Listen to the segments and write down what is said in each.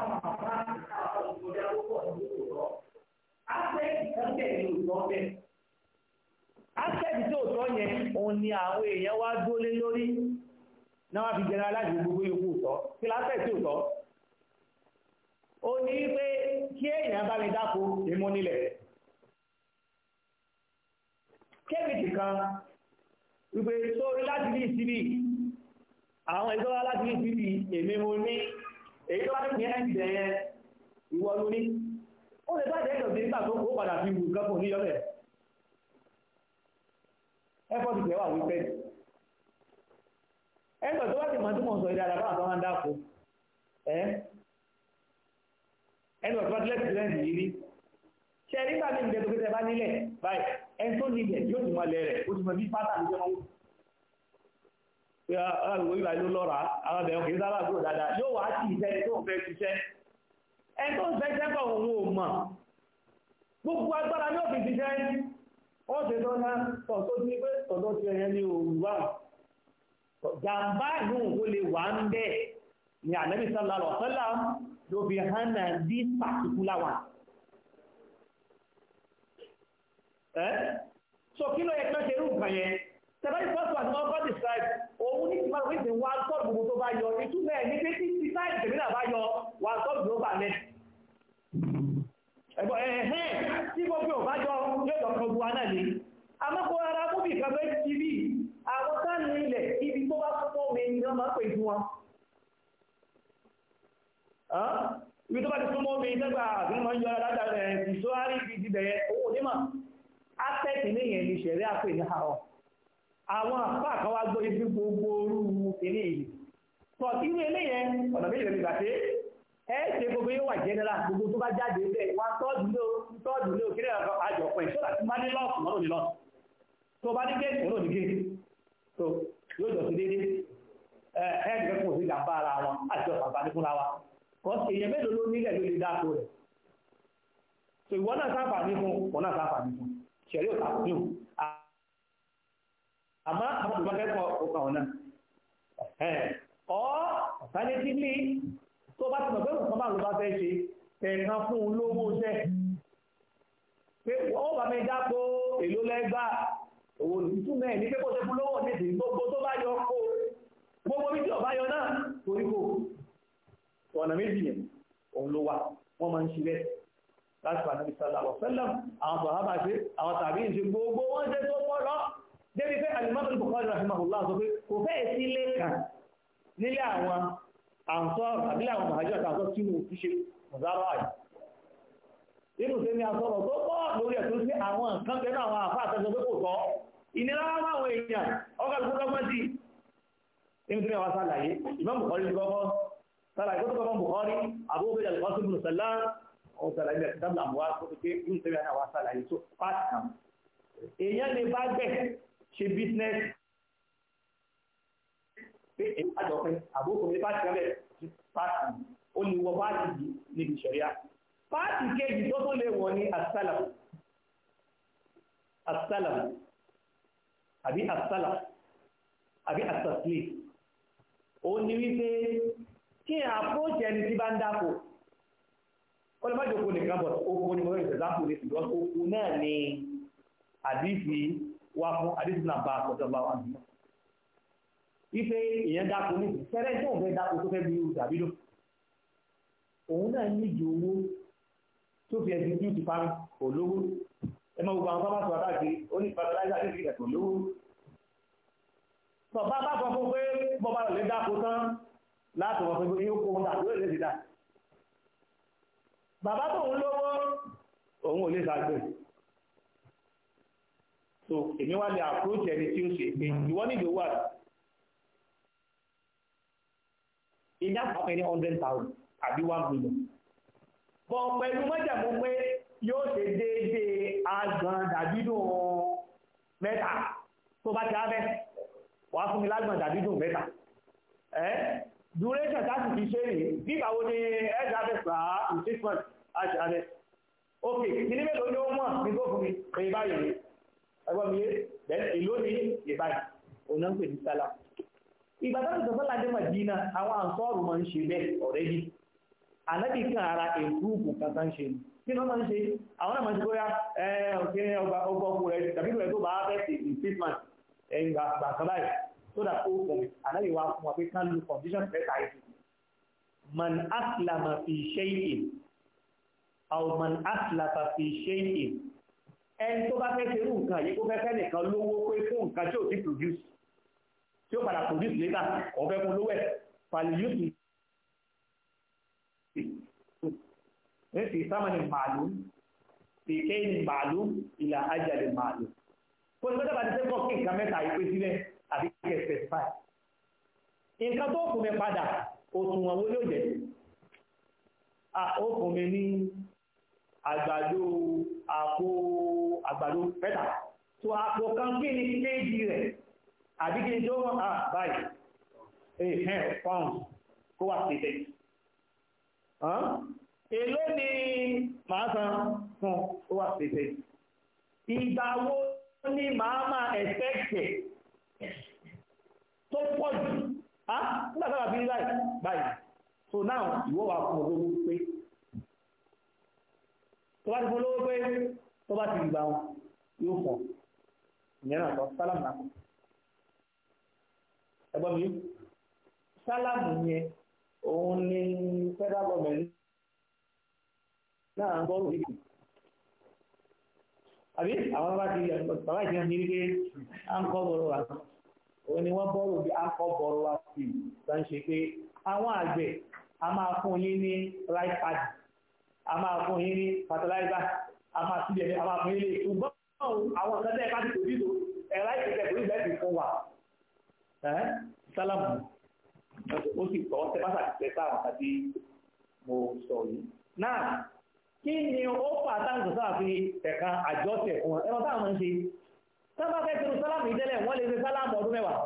àwọn bàbá àti àwọn olùkọ́jà ló pọ̀ ní òótọ́. Áṣẹ́ẹ̀dì kan tẹ̀lé òótọ́ bẹ́ẹ̀. Áṣẹ́ẹ̀dì tó òótọ́ yẹn òun ni àwọn èèyàn wá dólé lórí náà wá fi jẹrán aláàjì gbogbo yòókù òótọ́. Kí láṣẹ́ẹ̀dì òótọ́? Ó ní pé kí èèyàn bá mi dáko ìmú nílẹ̀. Kébìtì kan wípé sórí láti ní ìsibí àwọn ìjọba láti ní ìsibí èmi mo ní èyí wá ní ẹ̀ǹdẹ̀ yẹn lórí ó lè bá jẹ́ nígbà tó kó padà fi wù gẹ́kùn ní yọ́lẹ̀ ẹ̀fọ́sì tẹ̀ wà wípé ẹ̀ǹdọ̀ tó wá ti mọ̀tún sọ ìdá àdàbà àtọ́ máa ń dáko tó wá lẹ́sì lẹ́sì yìí rí ṣe nígbà tí ìgbẹ́ tó fẹ́ tẹ bá nílẹ̀ báyìí tó nílẹ̀ yóò ti pé alágbègbè ìgbà ìlú lọ́ra àwọn abẹ̀rún kìí sábà gbò dáadáa yóò wá sí ìṣẹ́ tó ń fẹ́ ṣiṣẹ́ ẹni tó ń fẹ́ òun ò mọ̀ gbogbo agbára ní òfin ṣiṣẹ́ ó ṣe tó ná tọ̀ pé ní òru wà jàǹbá ìlú òun lè wà ń ni lọ ló fi hàn náà dí wà. kí ló yẹ kí wọ́n ṣe irú nǹkan yẹn Tẹ̀lẹ́rì pọ́sùn àti wọ́n bá describe, òun ní ìtumọ̀ ìwé ìsìn one gbogbo tó bá yọ, ìtumọ̀ ní pé tí ti sáì tẹ̀mílà bá yọ one third ló bà lẹ̀. Ẹ̀gbọ́n ẹ̀hẹ́n tí gbogbo ò bá yọ yóò yọ gbogbo wa náà ara fúnbì kan ti rí àwọn sáàni ilẹ̀ ibi tó bá fún mọ́ mi ni wọ́n máa pè fún wa. Ibi tó bá ti fún mọ́ nígbà àbí wọ́n yọ ara dáadáa rẹ̀ ìṣó àwọn àpá kan wá gbọ́ ibi gbogbo orú eré yìí sọ tí irú eléyẹ ọ̀nà méjì lẹ́nu ìgbàdé ẹ ṣe gbogbo yóò wà jẹ́nẹ́rà gbogbo tó bá jáde bẹ́ẹ̀ wá tọ́ọ̀dù lé tọ́ọ̀dù lé òkèrè àjọ pẹ̀ sódà tí má ní lọ́ọ̀sì mọ́rò ní lọ́ọ̀sì tó bá ní gẹ́ẹ̀sì mọ́rò ní gẹ́ẹ̀sì tó yóò jọ sí déédéé ẹ ẹ ẹ̀ẹ́dẹ̀kẹ́ fún òfin ìjàmbá ara wọn àti ọ̀pàpàní fúnra wa kọ́sì èèyàn mélòó ló nílẹ̀ ló lè dáko rẹ̀ so ìwọ náà sáfà ní fún ìwọ náà sáfà ní fún ṣẹ̀rí amma abubakar kọ ọ̀nà ọ̀ alternatively tó bá ti mọ̀ pé nǹkan bá ló bá fẹ́ ṣe ẹ̀ẹ̀kan fún un lówó iṣẹ́ pé ó bá mi dápò èlò lẹ́gbà òwò tuntun mẹ́rin ní pé kó ṣe fún lówó nídìí gbogbo tó bá yọ kó gbogbo bí tí ọba yọ náà torí kò ọ̀nà méjì yẹn òun ló wà wọ́n máa ń ṣe bẹ́ẹ̀ láti pàdánù ìsàlà ọ̀fẹ́lẹ̀ àwọn sàhábà ṣe àwọn tàbí ìṣe gbogbo wọ́n ṣe tó pọ̀ lọ débi pé alimọ́tò Bukhari rahimahullah sọ pé kò fẹ́ sí ilé kan nílé àwọn àǹsọ́ àbílẹ̀ àwọn màájọ́ àti àǹsọ́ sínú òṣìṣẹ́ mọ̀zára àyè nínú sẹ́ni àsọ̀rọ̀ tó pọ̀ lórí ẹ̀tọ́ sí àwọn nǹkan tẹ́nu àwọn àfá àtẹ́sọ pé kò tọ́ ìnira wá máwọn èèyàn ọgá ìlú lọ́gbọ́n sí nínú sẹ́ni àwọn sàlàyé Imam Bukhari ti kọ́kọ́ sàlàyé tó kọ́kọ́ Bukhari Abu Ubayd al-Qasim bin ọ̀ sàlàyé bẹ̀rẹ̀ dábìlà àwọn àwọn sàlàyé tó pàtàkì èèyàn lè bá bẹ̀ ṣe bísínẹ́sì pé èyí àjọ pé àbókò ní pàṣẹ rẹ̀ pàṣẹ ó ní wọ pàṣẹ yìí níbi ìṣẹ̀ríà pàṣẹ kejì tó tó lè wọ ní asálàm asálàm àbí asálàm àbí asàsílì ó ní wípé kí àpóòtì ẹni tí bá ń dáko ó lè má jòkó nìkan bọ̀ oko ni mo fẹ́ ìṣẹ̀dá kò lè ṣùgbọ́n oko náà ni àdìsí wá fún adébísínà bá àtọ́jọ́ bá wà nínú. ife èèyàn dáko ní fẹ́rẹ́ tó ń fẹ́ dáko tó fẹ́ bí irú tàbí lò òun náà níjì owó tó fi ẹsìn tí ó ti fa olówó ẹ máa gbogbo àwọn bábá sọ àtàkì oní fertilizer ní ìfìkẹ̀ tó lówó. bàbá bá sọ fún pé bọ́bá rẹ̀ lè dáko tán láti wọ́n fún pé yóò kó wọn dà lórí èdè dà. bàbá tó ń lówó òun ò lè ṣàgbẹ̀ so èmi wá lè approach ẹni tí ó ṣe pé ìwọ nílò wà in that how many hundred thousand àbí one million bọ̀ pẹ̀lú mọ́jàmú pé yóò ṣe déédéé agbọ̀n dàbídùn mẹ́ta tó bá ti ábẹ́ wà fún mi lágbọ̀n dàbídùn mẹ́ta ẹ́ duration láti fi ṣe rèé bíbà wo ni ẹ̀ẹ́dà abẹ́ fà á in six months àti abẹ́ ok kí ni mélòó ni ó mọ̀ ní fún mi pé báyìí ẹgbọ́n mi yé bẹ́ẹ̀ èló ní ìbáyìí òun náà ń pè ní sálà ìgbà tó ń sọ fún ládé màdínà àwọn àǹsọ́ọ̀rù máa ń ṣe bẹ́ẹ̀ ọ̀rẹ́dì ànábì kan ara èkúùkù kan tá ń ṣe ni kí ni wọ́n máa ń ṣe àwọn náà máa ń ṣe bóyá ọ̀kẹ́ ọba ọkùnrin rẹ̀ tàbí rẹ̀ tó bá fẹ́ ṣe ìfísmàn ẹ̀yìn gbà kan báyìí tó dà kó fún ànábì wa fún wa pé kán lu condition mẹ́ta yìí man aslama fi ṣẹ́yìn aw man aslama fi ṣẹ́yìn ẹni tó bá fẹ́ ṣerú nǹkan yìí kó fẹ́ fẹ́ nìkan lówó pé fún nǹkan tí ò ti produce tí ó padà produce later ọ̀fẹ́ fún lówẹ̀ pàlìyùtì fi sámánì màálù fi kéyìn màálù ìlà ajáde màálù kò ní pẹ́tàbà ti fẹ́ kọ́ kí nǹkan mẹ́ta ìpè sílẹ̀ àti kẹsẹ̀ fáì nǹkan tó kù mi padà òṣùwọ̀n wo ló jẹ́ ó kù mi ní àgbàdo àpò àgbàdo pẹ́tà tó àpò kan kí ni kéèjì rẹ̀ àbí kí ni tó wọ́n à báyìí ẹ̀hẹ́ pound kó wà tètè èló ni màá san fún ó wà tètè ìgbà wo ni màá máa ẹ̀fẹ́kẹ̀ tó pọ̀ jù ah, nígbà bí báyìí báyìí so now ìwọ́ fún olówó pé tó bá ti fún lówó pé tó bá ti gbà wọn yóò fún ìyẹn náà sọ sálàmù náà ẹ̀gbọ́n mi sálàmù yẹn òun ni federal government náà ń gbọ́rù yìí àbí àwọn bá ti bàbá ìṣẹ́ ní wípé à ń kọ́ bọ̀rọ̀ wa òun ni wọ́n bọ́rù bí à ń kọ́ bọ̀rọ̀ wa sí i tó ń ṣe pé àwọn àgbẹ̀ a máa fún yín ní right party a fún yín ní fertilizer a máa síbi a fún yín lè ṣùgbọ́n àwọn kan tẹ́ẹ̀ káàdì tòbí lò ẹ̀rá ìṣẹ̀lẹ̀ kò ní bẹ́ẹ̀ fún wa sálàmù ó sì tọ́ ṣe pásá ìṣẹ̀ sáwọn àti mo sọ yìí náà kí ni ó fà táǹkì sáàfin ẹ̀ka wọn ẹ̀rọ táwọn ń ṣe sábà fẹ́ sálàmù ìtẹ́lẹ̀ wọ́n lè ṣe sálàmù ọdún mẹ́wàá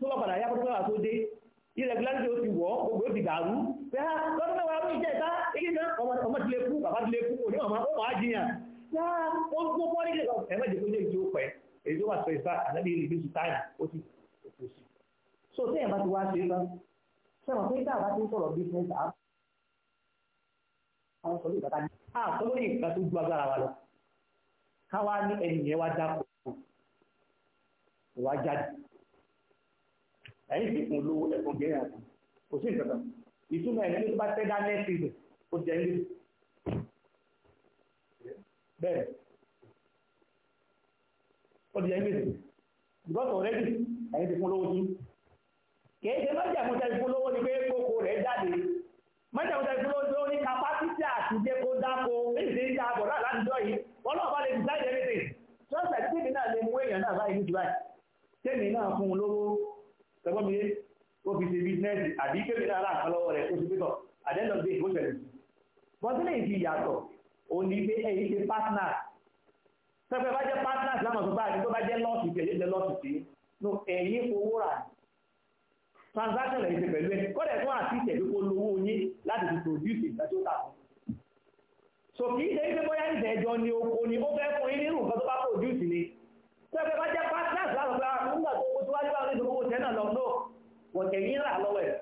mo fẹ́ irregularity ó ti wọ̀ gbogbo ó ti dàrú pé á lọ́dún mẹ́wàá ló ń jẹ́ ìta èyí náà ọmọ ti lè kú bàbá ti lè kú òní ọmọ ó wàá jiyàn yáá ó gbó bọ́ọ̀lì lè lọ ẹ̀mẹ́ ìdíkó ní ìdí tó wà sọ so sẹ́yìn bá ti wá ṣe é tán sẹ́wọ̀n business á àwọn sọ̀rọ̀ ìgbà kan á sọ lórí ìgbà tó ju agbára wa ẹ̀yìn sì kún lówó ẹ̀kún jẹ́ ìrìn àjò kò sí ìjọba ìtumọ̀ ẹ̀yìn tó bá tẹ́ dá nẹ́ẹ̀sì rẹ̀ ó jẹ́ ilé bẹ́ẹ̀ ó jẹ́ ilé because already ẹ̀yìn ti kún lówó sí kìí ṣe májàmúta ìpolówó ni pé kókó rẹ̀ jáde májàmúta ìpolówó tó ní kapásítì àti jẹ́ kó dáko èyí ti ń da àbọ̀ náà tẹ́gbọ́n mi ó fi ṣe business àbí kébì náà rà kan lọ́wọ́ rẹ̀ tó ṣe pẹ́tọ̀ àdẹ́lọ́gbé ìbò ṣẹlẹ̀ bọ́sílẹ̀ ìdí ìyàtọ̀ òun ní pé ẹ̀yìn ṣe partners tẹ́gbẹ́ bá partner partners láwọn ọ̀sán báyìí tó bá jẹ́ lọ́ọ̀sì tí ẹ̀yìn jẹ́ lọ́ọ̀sì tí no ẹ̀yìn owó rà transaction ẹ̀yìn ṣe pẹ̀lú ẹ̀ kọ́dẹ̀ fún àti ìtẹ̀lú kó lówó yín láti fi produce ìgbà tó tà fún so kì í ṣe wípé bóyá ìṣẹ̀jọ ni o ni ó fẹ́ fún yín nínú nǹkan tó bá produce ni tẹ́gbẹ́ bá jẹ́ partners náà lọ lọ wọ̀tẹ̀ ní rà lọ́wọ́ ẹ̀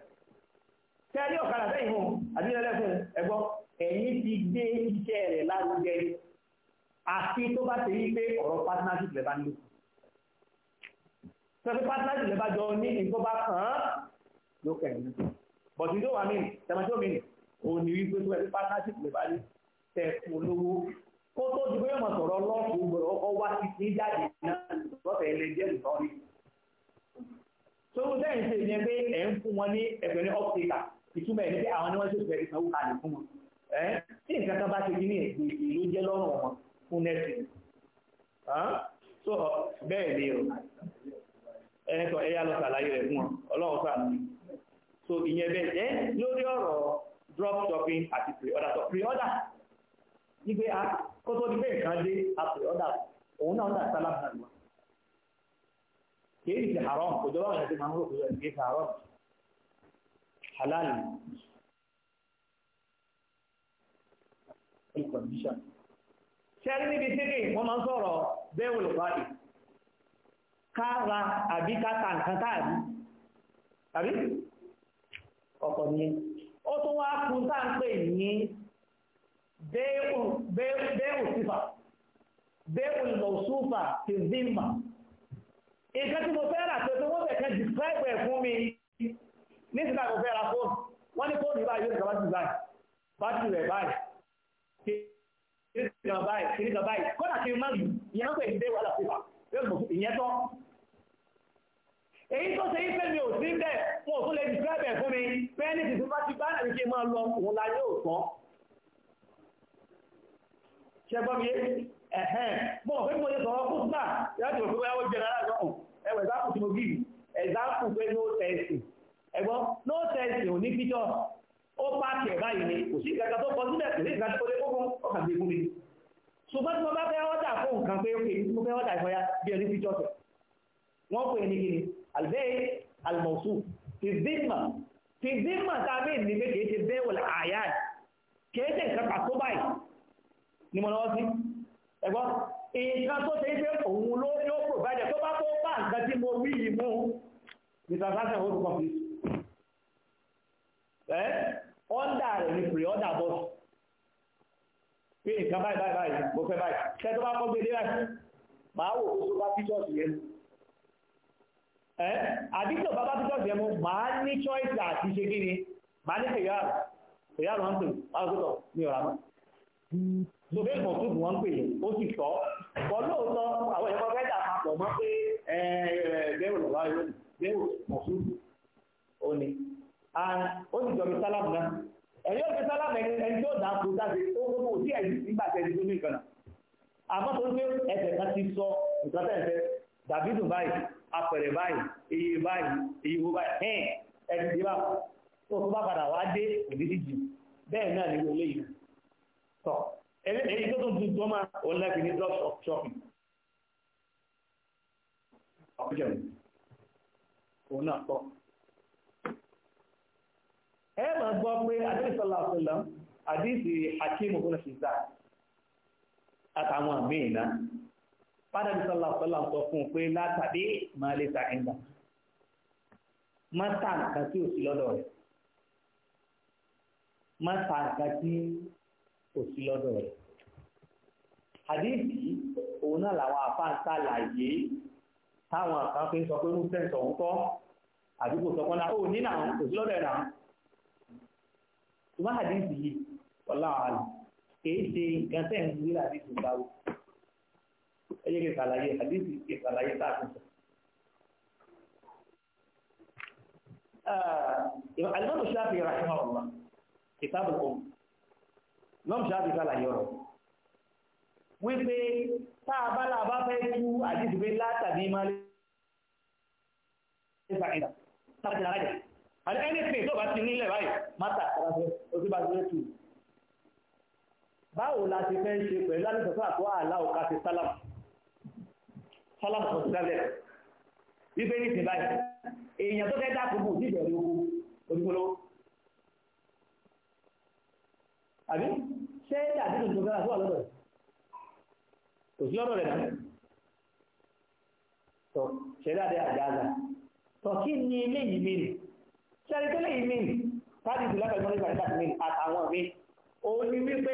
tẹ́ ẹ ní ọ̀kadà sẹ́yìn fún àbí ẹlẹ́fún ẹ̀gbọ́ ẹ̀yìn ti gbé iṣẹ́ rẹ̀ lárugẹ àti tó bá ti rí pé ọ̀rọ̀ partnership lẹ́bàá nílò sọ́fí partnership lẹ́bàá jọ ní nǹkan bá kàn án ló kẹ̀yìn bọ̀tí tó wà mí tẹ̀mọ́tò mi òun ni wípé tó ẹ̀rí partnership lẹ́bàá ní tẹ̀kù olówó kó tó ju pé yọ̀mọ̀ sọ̀rọ̀ lọ́ọ̀kù gbọ́dọ̀ ọkọ̀ wá sí ní jáde náà lọ́fẹ̀ẹ́ lẹ́jẹ̀ tó ń bẹ́ẹ̀ ṣe ìyẹn pé ẹ̀ ń fún wọn ní ẹ̀fẹ̀ ní ọ́pítà ìtumọ̀ ẹ̀ ní pé àwọn ni wọ́n ṣe fẹ́ ìsanwó kalẹ̀ fún wọn ẹ̀ tí nǹkan kan bá ṣe kí ní èdè ló jẹ́ lọ́rùn wọn fún nẹ́ẹ̀sì so bẹ́ẹ̀ ni o ẹ̀ sọ ẹ̀yà lọ sàlàyé rẹ̀ fún wọn ọlọ́run sàánú so ìyẹn bẹ́ẹ̀ jẹ́ lórí ọ̀rọ̀ drop shopping àti pre-order so pre-order ní pé kó tó di pé dé a pre-order òun náà ń dà sálámù náà kìí ṣe haram kò jọba àwọn ẹ̀sìn máa ń rò pé kìí ṣe haram halal ní kọ̀díṣà ṣẹ́rí níbi tí kìí wọ́n máa ń sọ̀rọ̀ bẹ́ẹ̀ wò lọ́pàá yìí kan àbí káta nǹkan táàbí tàbí ni ó tún wá kun tá à ń pè ní bẹ́ẹ̀ òsífà bẹ́ẹ̀ òlùmọ̀ọ́sùfà ti nǹkan tí mo fẹ́ rà pé wọ́n fẹ̀ kan describe ẹ̀ fún mi ní ìsìnkà mo fẹ́ ra fóònù wọ́n ní fóònù báyìí yóò kàbá sí báyìí bátìrì rẹ̀ báyìí kìnnìkan báyìí kìnnìkan báyìí kọ́nà kí n má lù ìyẹn pé ìdílé wà láti fà ìyẹn tọ́ èyí tó ṣe ife mi ò sí bẹ́ẹ̀ wọn ò tún lè describe ẹ̀ fún mi bẹ́ẹ̀ ní ìsìnkú bá ti bá nàbí kí n máa lọ òun la yóò sọ ṣẹgbọ́n mi ẹ̀hẹ́n mọ́ fẹ́ mọ́ lè sọ̀rọ̀ fún náà láti rò pé wáyé jẹ́ rárá lọ́hùn ẹwẹ̀ ìzáàkù tí mo bí ẹ̀záàkù pé no test ẹ̀gbọ́n no test ò ní píjọ ó pààkì ẹ̀ báyìí ni kò sí ìgbàgbà tó kọ sílẹ̀ kò ní ìgbàgbà tó lé kókó ọkà gbé fún mi ṣùgbọ́n tí mo bá fẹ́ ọ́dà fún nǹkan pé ókè mo fẹ́ ọ́dà ìfọyà bí ẹni píjọ tẹ̀ wọ́n pè ní kíni albẹ́ẹ̀ almọ̀sù ti zimma ti zimma tá a bẹ́ẹ̀ ní pé kì í ṣe bẹ́ẹ̀ wọ̀lẹ̀ àyà kì í ṣe nǹkan pàtó báyìí ni mo lọ́wọ́ sí ẹ̀gbọ́n nǹkan tó ṣe pé òun ló ní ó provide tó bá tó bá nǹkan tí mo rí yìí mú mr sassen hold complete ẹ ọ́ndà rẹ̀ ni pre order bus pé nǹkan báyìí báyìí báyìí mo fẹ́ báyìí ṣe tó bá kọ́ gbé dé láti máa wò ó tó bá píṣọ́ọ̀sì yẹn ẹ àdìsọ bàbá píṣọ́ọ̀sì yẹn mo máa ní choice àti ṣe kí ni máa ní kẹyàrá kẹyàrá wọn pè máa gbọ́dọ̀ ní Zubair Mọ̀tún wọ́n pè é, ó sì sọ. Wọ́n lóòótọ́ àwọn ẹ̀kọ́ fẹ́ dà papọ̀ mọ́ pé bẹ́ẹ̀rù lọ́wọ́ ayé bẹ́ẹ̀rù Mọ̀tún ó ní. Ó sì jọ mi sálámù náà. Ẹ̀yọ́ ti sálámù ẹni tó dà kó dáṣe ó kó mọ̀ sí ẹ̀yìn nígbà tẹ̀lé tó ní nǹkan Àmọ́ tó ń gbé ẹsẹ̀ kan ti sọ nǹkan tẹ̀ fẹ́ dàbídù báyìí, apẹ̀rẹ̀ báyìí, iye báyìí, iye wo èyí tó tó dùn tó máa ò lẹ́bi ní drugs of shopping ọ̀pọ̀jọ̀n òun náà pọ̀ ẹ máa gbọ́ pé adébísọ́lá àdíìsì hakim ogunlẹ̀ ṣìṣà àtàwọn àmì ìná pádàbísọ́lá ọ̀sọ̀lá sọ fún un pé látàdé máa lè ta ẹ̀ńdà má ta nǹkan tí ò sí lọ́dọ̀ rẹ̀ má ta nǹkan tí kò sí lọ́dọ̀ rẹ̀ àdéhìí òun náà làwọn àfáàǹtà làyé táwọn kan fi ń sọ pé mùsùlùmí sọ̀hún kọ́ àdúgbò ó ní náà kò sí lọ́dọ̀ rẹ̀ àdéhìí yìí ọláwọ̀ àlù kìí ṣe nǹkan tẹ̀ ń lọ́mùsá ti sàlàyé ọ̀rọ̀ wípé tá a bá là bá fẹ́ tú àdìsí pé látàbí máa lé ṣe fàkìlà tàbí ara jẹ àti anything tó bá ti nílẹ̀ báyìí mátà kàràfẹ́ oṣù bá ti fẹ́ tú báwo la ti fẹ́ ṣe pẹ̀lú àdìsọ́sọ́ àtọ́ àlá òkà ti sálàmù sálàmù kò sí lábẹ́ wípé ní ìsìn báyìí èèyàn tó fẹ́ dákòókò níbẹ̀rẹ̀ ogun onígbòlówó àbí ṣé dàbí tuntun kára tó wà lọ́dọ̀ rẹ̀ kò sí lọ́dọ̀ rẹ̀ náà tọ́ ṣe dáadé àjáza tọ́ kí ni ilé yìí mìíràn ṣẹ́rí tó lè yìí mìíràn káàdì ìdílé pẹ̀lú ìgbà nígbà mìíràn àtàwọn mi ó ní wípé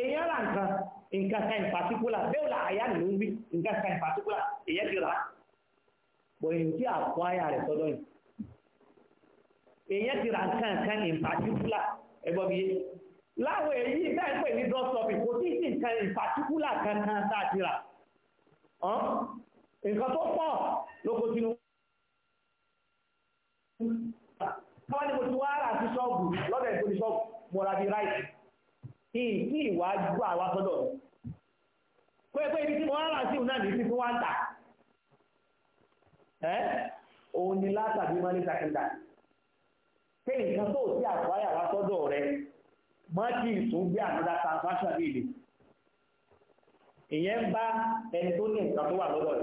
èèyàn ra nǹkan nǹkan kan in particular bẹ́ẹ̀ la àyà nìlú ń bí nǹkan kan in particular èèyàn ti rà á bọ̀ èyí tí àpò àyà rẹ̀ sọ́dọ̀ yìí èèyàn ti ra nǹkan kan in particular ẹgbọ́n bíi láwọn èyí dáìpẹ̀ ní drọ́sọ̀pì kò tí sí nǹkan ìpàtíkúlà kankan sáàtìrà nǹkan tó pọ̀ lóko tínú wọ́n ni mo ti wá rà sí ṣọ́ọ̀bù lọ́dẹ̀ tó ní ṣọ́ọ̀bù mọ́ra bí ráìtì kí kí ìwà gbọ́ àwa sọ́dọ̀ pẹ́pẹ́ ibi tí mo wá rà sí ìwọ̀n náà ní fífún wá ń tà òun ni látàbí mọ́lẹ́ sàkíńtà pé nǹkan tó ti àkọ́yà wá sọ́dọ̀ rẹ̀ mọ́tì tó gbé another transaction nílé ìyẹn bá ẹni tó ní nǹkan tó wà lọ́dọ̀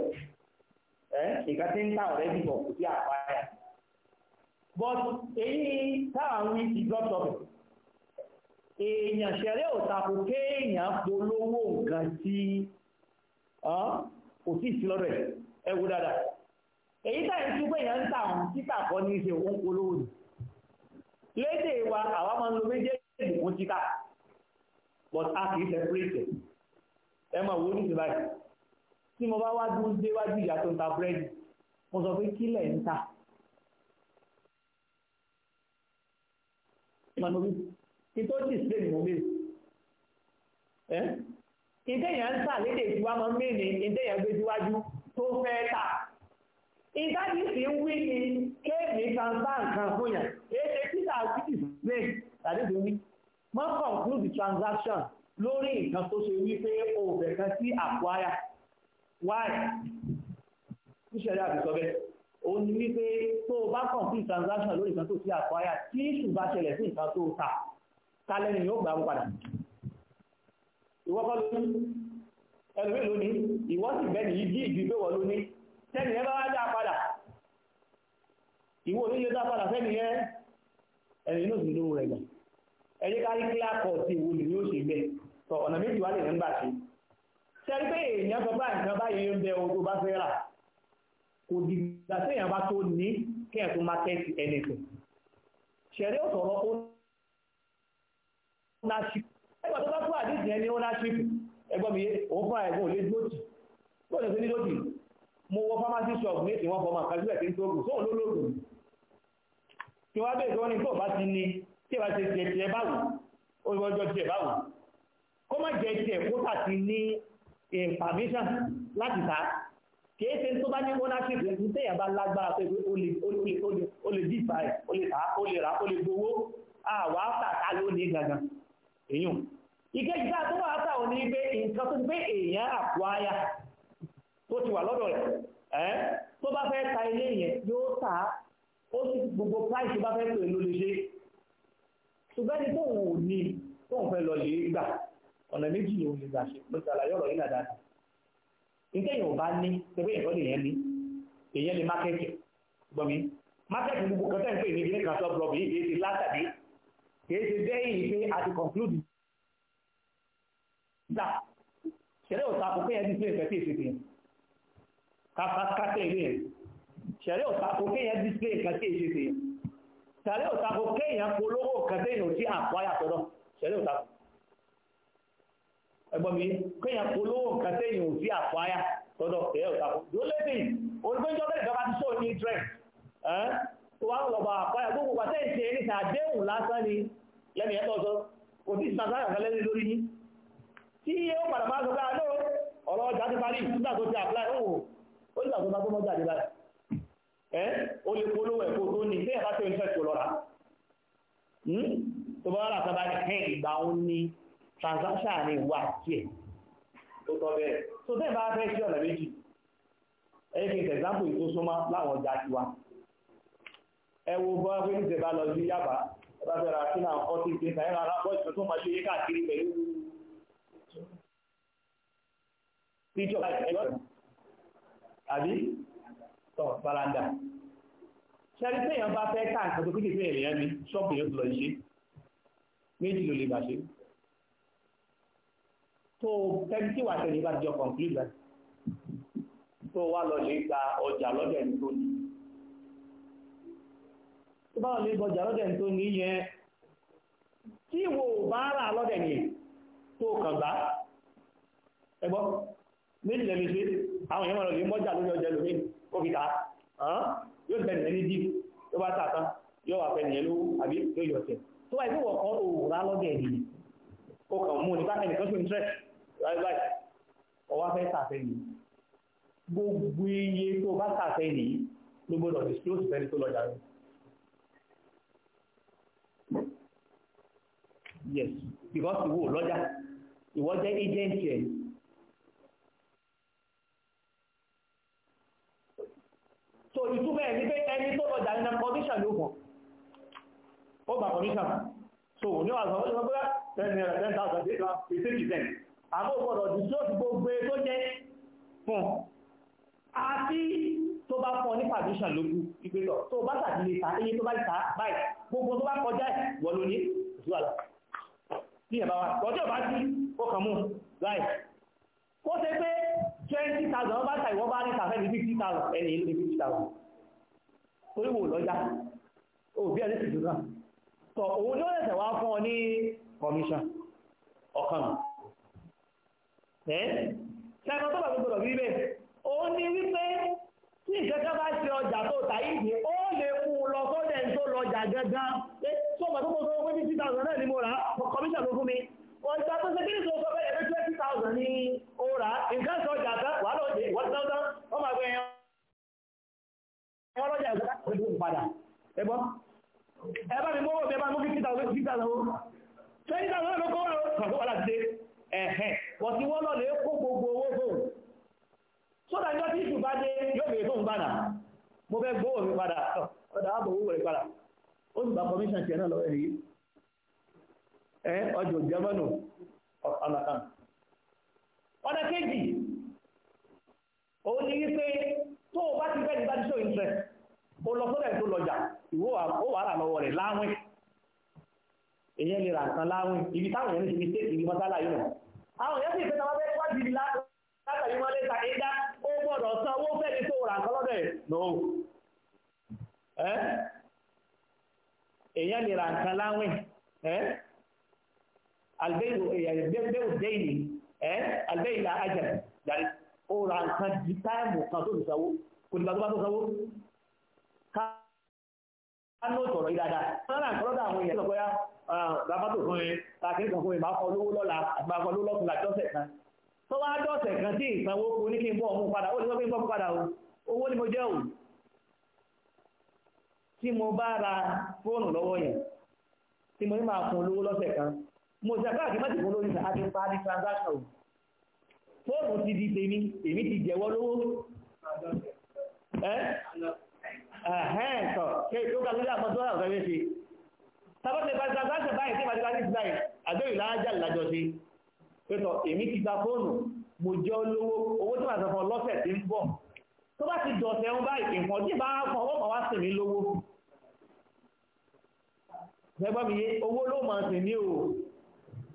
rẹ̀ ẹ́ tí ń ta ọ̀rẹ́ bíbọ̀ kò sí àpáyà but èyí táwọn èèyàn ṣẹlẹ̀ ò kéèyàn polówó nǹkan tí kò sí ìsílọ́dọ̀ ẹ̀ ẹ dáadáa èyí táyà ń ń ta àwọn títà kan ní í òun polówó ni lédè wa àwa máa ń wọ́n jíká but a kìí separate ẹ mọ̀ wo ní ìsìnbáyì tí mo bá wá dúró déwájú ìyá tó ń ta búrẹ́dì mo sọ pé kílẹ̀ ń ta kí tó dì sí ènìyàn mi ẹ́ ìdẹ́yàn ń tà lédè ìjúwá máa ń mí ní ìdẹ́yàn gbé síwájú tó fẹ́ tà ìdájí sí ń wí ní kéèmì kan bá nǹkan fún yàn èdè títà sí ìsìnkú tàbí sí wí má conclude the transaction lórí nǹkan tó ṣe wípé o ò bẹ̀ẹ̀kan sí acquire why níṣẹ̀lẹ̀ àbùsọ bẹ́ẹ̀ o ní wípé tó o bá complete transaction lórí nǹkan tó sí acquire tí ìṣù bá ṣẹlẹ̀ sí nǹkan tó ta kálẹ́ni yóò gbà padà ìwọ́kọ́ lóní ẹlòmíì lónìí ìwọ́ sì bẹ́ẹ̀ nìyí bí ìdí pé wọ́n lóní tẹ́nì ẹ bá wá dá padà ìwọ oníyẹ dá padà fẹ́ni ẹ ẹ̀rìn inú ìdúró ẹni ká rí kíláàkọ̀ sí ìwò lè yóò ṣe gbẹ tọ ọ̀nà méjì wà lè ní gbà ṣe sẹ́rí pé èèyàn sọ bá nǹkan báyìí ń bẹ ohun tó bá fẹ́ rà kò dìgbà sí èèyàn bá tó ní kí ẹ̀ tó market anything sẹ́rí ò sọ̀rọ̀ ó ownership ẹgbà tó bá fún àdéhùn ẹni ownership ẹgbọ́n mi òun fún àìgbọ́n òlé dóòtì lóòtọ́ sí ní dóòtì mo wọ pharmacy shop ní ìwọ̀n fọmọ àkàtúbẹ̀ tí ń tó ògùn sóhun ló lóògùn tí wọ́n bẹ̀rẹ̀ tó ní tó bá ti ní tí ìwà ṣe tiẹ̀ tiẹ̀ báwò ó yọ ọjọ́ tiẹ̀ báwò kó má jẹ tiẹ̀ kó tàti ní eh, permission láti ta kìí ṣe tó bá ní ownership ní tẹ̀yà bá lágbára pé o lè dìbà ẹ̀ o lè tà o lè rà o lè gbowó àwa tàtà lónìí gangan èyàn ìkejì tá a tó wà tà ò ní gbé nǹkan tó gbé èèyàn àpò àyà tó ti wà lọ́dọ̀ rẹ̀ ẹ́ tó bá fẹ́ ta ilé yẹn yóò tà ó sì gbogbo price tó bá fẹ́ pè ló lè ṣe ṣùgbọ́n ní tóun ò ní tóun fẹ́ lọ lè gbà ọ̀nà méjì lòun lè gbà ṣe ló ṣàlàyé ọ̀rọ̀ yìí náà dáadáa nígbà èèyàn bá ní tẹ́gbẹ́ ìtọ́ lè yẹn ní èèyàn lè mákẹ́tì gbọ́n mi mákẹ́tì gbogbo kan tẹ́ǹpé ní ilé kan sọ́ọ́ blọọ̀bù yìí kìí ṣe látàdé kìí ṣe dẹ́yìn pé a ti conclude gbà ṣẹlẹ̀ ọ̀tà kò kéèyàn ti sílẹ̀ fẹ́ẹ́ ṣe tèèyàn kàkàkàtẹ̀ tàbí òtàkù kéèyàn polówó kẹtẹ́yìn tí àpáyà tọ́dọ̀ ṣẹlẹ̀ òtàkù ẹgbọ́n mi kéèyàn polówó kẹtẹ́yìn tí àpáyà tọ́dọ̀ ṣẹlẹ̀ òtàkù yóò lẹ́sìn olùgbẹ́jọ́ bẹ̀rẹ̀ ìjọba ti sóò ní trend ẹ́n tó wá ń lọ́ba àpáyà gbogbo pàtẹ́ ìṣe ní sàdéhùn lásán ni lẹ́nu yẹn tọ́sọ kò sí sàdáyà kan lẹ́nu lórí yín tí ó padà máa sọ pé àlọ́ ọ̀rọ̀ ọjà ti parí nígbà tó ti àpáyà ó wò ó nígbà tó ẹ́ ó lè polówó ẹ̀kọ́ tó ní bẹ́ẹ̀ bá tẹ́wọ́n fẹ́ẹ̀kọ́ lọ́ra hmm? tó bá rà sábà ní hẹ́n ìgbà òun ni transaction ní ìwà díẹ̀ tó tọ́ bẹ́ẹ̀ tó bẹ́ẹ̀ bá fẹ́ sí ọ̀nà méjì ẹ̀yẹ́ fi example yìí tó súnmọ́ láwọn ọjà tiwa ẹ wo bọ́ pé ní ìjẹba lọ sí yàbá ẹ bá fẹ́ ra kí náà ọtí ìgbésà ẹ̀ rárá bọ́ ìtọ́jú máa ṣe yé káàkiri pẹ̀lú tíjọba àbí tọ́ sáláńdà ṣẹ́rí téèyàn bá fẹ́ ká nǹkan tó kéde fún èèyàn ni ṣọ́ọ̀bù yóò lọ ṣe méjì ló lè gbà ṣe tó tẹ́bí tí wà tẹ̀lé bá jọ kọ̀ǹpútì rẹ̀ tó wá lọ lè gba ọjà lọ́dọ̀ ẹni tó ní tó bá lọ lè gba ọjà lọ́dọ̀ ẹni tó ní yẹn tí ìwọ bá rà lọ́dọ̀ ẹni tó kàn gbà ẹgbọ́n méjì lẹ́mi ṣe àwọn èèyàn lọ lè mọ́jà lórí ọjà lómi kófíta yóò bẹ̀rẹ̀ ní díì tó bá tà tán yóò wà fẹ́ nìyẹn lówó àbí yóò yọ ọ̀tẹ̀ tó wáyé fún ọ̀kan òwúrá lọ́dẹ̀ èdè ó kàn mú ní bákan nìkan tó ń tẹ̀ láìláì ọwá fẹ́ tàfẹ́ nìyí gbogbo iye tó bá tàfẹ́ nìyí ló gbọ́dọ̀ disclose fẹ́ni tó lọ́jà rẹ̀ yes because ìwọ lọ́jà ìwọ jẹ́ agent yẹn so ìtumọ̀ ẹ̀ ní pé ẹni tó lọ jà nínú commission ló kàn ó gbà commission so ní wàá sọ fún ọjọ́ bóyá ten naira ten thousand eight hundred fifty percent àmọ́ gbọ́dọ̀ jù tí ó ti gbogbo tó jẹ́ fún àti tó bá fún ọ ní permission ló kú ìgbésọ̀ tó bá ṣàdílé ta iye tó bá ta báyìí gbogbo tó bá kọjá ẹ̀ wọ́n ló ní òṣùwà lọ tí ẹ̀ bá wà lọ́jọ́ bá sí ó kàn mú láì kó ṣe pé twenty thousand wọ́n bá ta ìwọ́n bá ní tàfẹ́ ní fifty thousand ẹni ìlú ní fifty thousand torí wò lọ́jà òbí ẹni sì dùn náà tọ òun ni ó lẹ̀sẹ̀ wá fún ọ ní commission ọ̀kan ẹ́ sẹ́nu tó bàbá gbọdọ̀ wí bẹ́ẹ̀ ó ní wípé tí ìjọba bá ṣe ọjà tó ta yìí ni ó lè kú lọ sọ́dẹ̀ tó lọ́jà gángan pé tó bàbá tó mọ̀ sọ́wọ́ pé fifty thousand náà ni mo rà commission ló fún mi ọjà tó ṣe kí ni sọ sọ bẹ́ẹ̀ thousand ní ó nǹkan sọ ọjà tán wà lóde ìwọ́n tán tán ó máa ẹ̀sọ́ láti pẹ̀lú ìpadà ẹgbọ́ ẹ mi mọ́wọ́ mi ẹ mú thousand thousand twenty ọ̀nà kejì òun ni wípé tó o bá ti fẹ́ ní bá ti show interest o lọ sọ́dọ̀ tó lọ́jà ìwọ ó wà rà lọ́wọ́ rẹ̀ láwìn èyẹ lè ra nǹkan láwìn ibi táwọn èèyàn ti fi tẹ́sí ní mọ́tálà yìí nà àwọn èèyàn sì fẹ́ tàwọn fẹ́ wá jìbì látàrí wọn lẹ́ta ẹ̀dá ó gbọ́dọ̀ san owó fẹ́ ní tó ra nǹkan lọ́dọ̀ ẹ̀ no èèyàn lè ra nǹkan láwìn àgbẹ̀wò èèyàn gbẹ̀wò dẹ́yìn ẹ́ eh, àgbẹ̀ ìlà ajẹ̀ jàre ó ra nǹkan di táìmù kan tó fi sanwó kò nígbà tó bá tó sanwó ká ló sọ̀rọ̀ yìí dáadáa wọ́n rà nǹkan lọ́dọ̀ àwọn èèyàn lọ́gbọ́yá bàbá tó fún mi káàkiri kan fún mi máa kọ lówó lọ́la àgbà kan ló lọ́kùnrin àti ọ̀sẹ̀ kan tó wá dọ̀sẹ̀ kan tí ìsanwó kò ní kí n bọ́ ọmú padà ó ní sọ bọ́ padà owó ni mo jẹ́ òun tí mo bá ra fóònù lọ́wọ́ yẹn tí mo ní máa fún olówó lọ́sẹ̀ kan mo ṣe àkáàkì má ti fún lórí àti parí transaction fóònù ti di tèmi èmi ti jẹ́wọ́ lówó ẹ̀hẹ́n tọ̀ ṣe ìtókà lórí àmọ́sọ́rọ̀ ọ̀fẹ́ méṣe sábọ́tẹ̀ parí transaction báyìí tí parí parí báyìí àgbẹ̀rù láájà lájọ sí pẹ̀tọ̀ èmi ti gba fóònù mo jẹ́ olówó owó tí màá sọ fún ọ lọ́sẹ̀ tí ń bọ̀ tó bá ti dọ̀tẹ̀ ń báyìí nǹkan tí bá kan ọwọ́ kan wá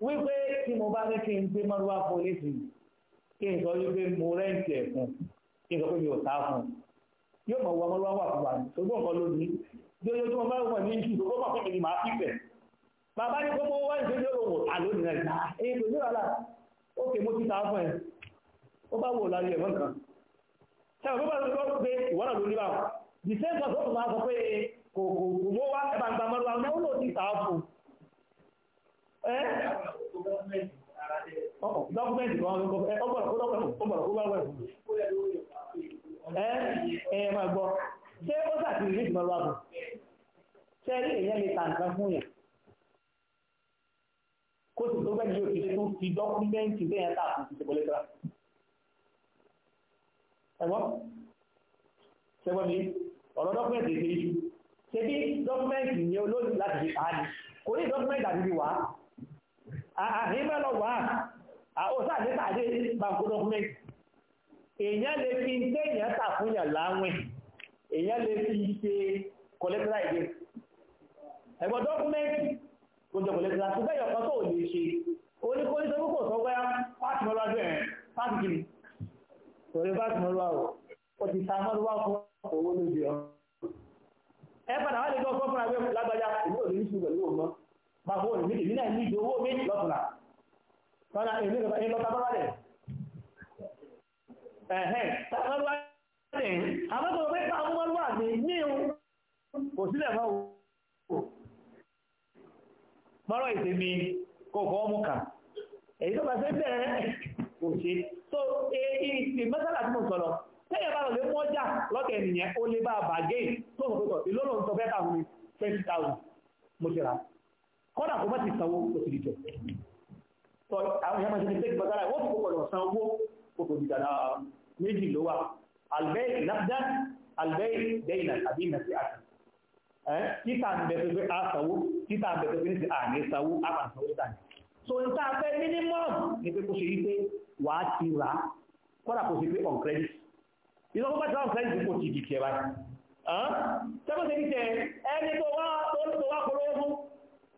wípé tí mo bá ní kí n gbé mọ́rúwá fún oníṣìí kí n sọ wípé mo rẹ́ǹtì ẹ̀ fún kí n sọ pé mi ò tà á fún yóò mọ̀ wọ mọ́rúwá wà fún wa ṣùgbọ́n nǹkan ló ní lórí ojú ọmọ ọmọ ní ìṣù tó mọ̀ fún mi ni màá fi bẹ̀. bàbá ní gbogbo wá ìṣe ní òwò àlónì rẹ̀ náà èyí kò ní wàhálà ó kè mo ti tà á fún ẹ ó bá wò lárí ẹ̀fọn kan. sẹ́wọ̀n bá lọ sọ pé ìwọ náà ló ní báwọn the same person bá Eh? Oh, dọ́kúmẹ́ntì kan ọgbọ̀rọ̀ kó dọ́kúmẹ́ntì kó bá wẹ̀ fún ẹ́ ẹ̀ máa gbọ́ ṣé ó sàtì rí ìtumọ̀ lọ́wọ́ fún ṣé rí èèyàn lè ta nǹkan fún yẹn kó sì tó bẹ́ẹ̀ ní òṣìṣẹ́ tó fi dọ́kúmẹ́ntì bẹ́ẹ̀ ta fún ti ṣe pọ̀lẹ́tà ẹ̀gbọ́n ṣẹ́gbọ́n mi ọ̀rọ̀ dọ́kúmẹ́ntì ṣe iṣu ṣe bí dọ́kúmẹ́ntì ni olóyìn láti fi ta ni kò ní dọ́kúmẹ́ntì àti àhìmọ́ lọ wà á ó sàdé sàdé bàǹkó dọ́kúmẹ́ntì èèyàn lè fi ń téèyàn tà fún yàn láwìn èèyàn lè fi ṣe kọ̀lẹ́tìrà ìdè ẹ̀gbọ́n dọ́kúmẹ́ntì kò jọ kọ̀lẹ́tìrà tó bẹ́ẹ̀ yọ̀kan tó lè ṣe oníkóní tó kókò tó wẹ́ pàtì mọ́lá bẹ́ẹ̀ pàtì kìí torí pàtì mọ́lá o ó ti ta mọ́lá fún owó lóde ọ ẹ padà wá lè gbọ́ fọ́fúnra gbé lágbájá ìlú òní bàbá òní méjì nínú ẹ̀mí ìdí owó méjì lọ́tùnà tọ́nà èmi ìrọ̀bá ẹni lọ́ta bọ́bá rẹ̀ ẹ̀hẹ́n tàbí àmọ́kọ̀ pé ká mọ́ wà ní níhun kò sílẹ̀ mọ́ o mọ́rọ̀ ìsinmi kò kọ́ mú kà èyí tó bá ṣe bẹ́ẹ̀ kò ṣe tó èyí mẹ́sàlá tí mo sọ̀rọ̀ lẹ́yìn bá lọ lé mọ́jà lọ́tẹ̀ ènìyàn ó lé bá bàgẹ́ tó sọ pé tọ̀ ìlọ́lọ́ ń sọ bẹ́ẹ̀ káwọn ní twenty kọ́dà kó má ti sanwó ó ti dìjọ tọ́ àwọn èèyàn máa ṣe mistake bàtàrà wọ́n ti kó pọ̀lọ̀ san owó ó kò dìjà náà méjì ló wà albẹ́ ìnàbdá albẹ́ ìdẹ́yìnà àbí ìnà sí àti títà ń bẹ pé a sanwó títà ń bẹ ti sanwó a máa sanwó dání so n ta fẹ́ minimum ni pé kó ṣe yí pé wà á ti rà á kọ́dà kó ṣe pé on credit ìlọ́wọ́ bá ti rà on credit kò ti dìtì ẹ̀ báyìí ṣe dìtì ẹ̀ ẹni tó wá tó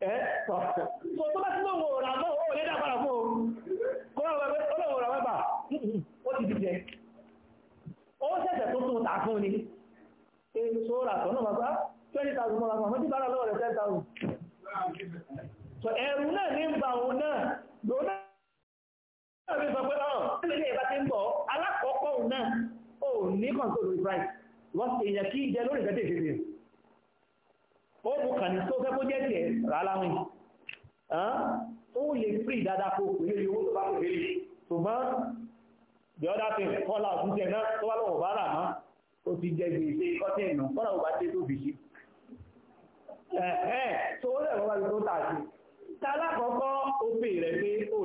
ẹ́ tọ́ tó bá tí ló wọ ọ̀rà mọ́ ó lé dábàrà fún òun kó lọ́wọ́ ọ̀rà wẹ́bà ó ti dìjẹ́ ó ṣẹ̀ṣẹ̀ tó tún ta fún ni èso rà tọ́ náà bàbá twenty thousand mọ́ra mọ́ tí bára lọ́wọ́ rẹ̀ ten thousand so ẹ̀rù náà ní ń ba òun náà lòun náà fi sọ pé ọ̀hún ilé ìbá ti ń bọ̀ alákọ̀ọ́kọ́ òun náà ò ní kọ̀ǹtò lórí price wọ́n èèyàn kí jẹ lórí ìfẹ́ ó mú kàn ní tó fẹ́ kó jẹ́ tiẹ̀ rà láwìn ó lè free dáadáa kó kò lè owó tó bá kò lè ṣùgbọ́n the other thing kọ́lá ọ̀tún tiẹ̀ náà tó bá lọ́wọ́ bá rà mọ́ ó ti jẹ gbèsè kọ́tẹ́ ìnà kọ́lá ò bá dé tó bìí ẹ̀ẹ́ tó ó lẹ̀wọ́ wáyé tó tà sí tálákọ̀ọ́kọ́ ó pè rẹ̀ pé ò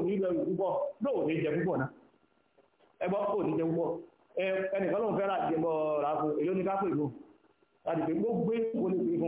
ní gbogbo ìwọlé pé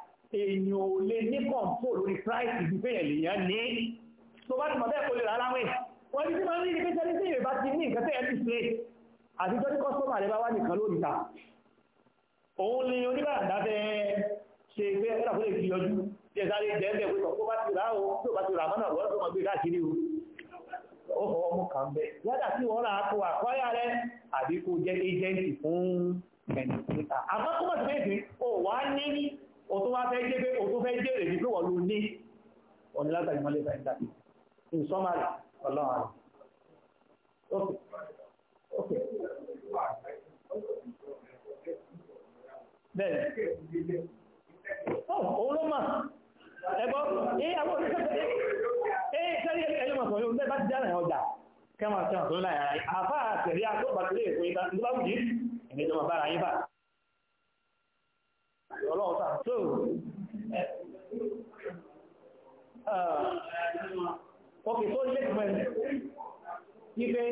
èèyàn ò lè ní kọ̀ǹpò lórí price ìlú bẹ́ẹ̀ lèèyàn ní tó bá ti mọ̀ bẹ́ẹ̀ kó lè rárá wẹ̀ wọ́n ti máa ń rí ní pé tẹ́lẹ̀ sí ìrìbá ti ní nǹkan tẹ́ẹ̀ ti ṣe àtijọ́ ní kọ́sọ́mà rẹ̀ bá wá nìkan lórí ta òun ni oníbàdà fẹ́ ṣe pé ẹ̀rọ fún lè fi yọjú jẹ́ sáré jẹ́ẹ̀bẹ̀ pé tó bá ti rà ó tó bá ti rà mọ́nà lọ́wọ́ tó máa gbé káàkiri o ó fọwọ́ mú kàn bẹ́ yàtà sí wọ́n rà á kó àkọ́yà rẹ̀ àbí kó jẹ́ agent fún ẹnì o tó wá fẹ́ jẹ́ pé o tó fẹ́ jèrè ní pé wọ́n ló ní ọ̀nà látàrí mọ́lẹ̀ ìfẹ́ ìdá in summary ọlọ́run àrùn okay okay bẹ́ẹ̀ òun ló mà ẹgbọ́ ee àwọn òṣìṣẹ́ ee sẹ́rí ẹ̀yọ́ mọ̀ sọ̀rọ̀ bẹ́ẹ̀ bá ti dára ọjà kẹ́mọ̀ sẹ́wọ̀n tó láyà àfáà tẹ̀lé àtọ́bàtẹ̀lé èkó ìgbà ìgbà ìgbà ìgbà ìgbà ọlọ́run tó ọkè tó ilé ìgbẹ́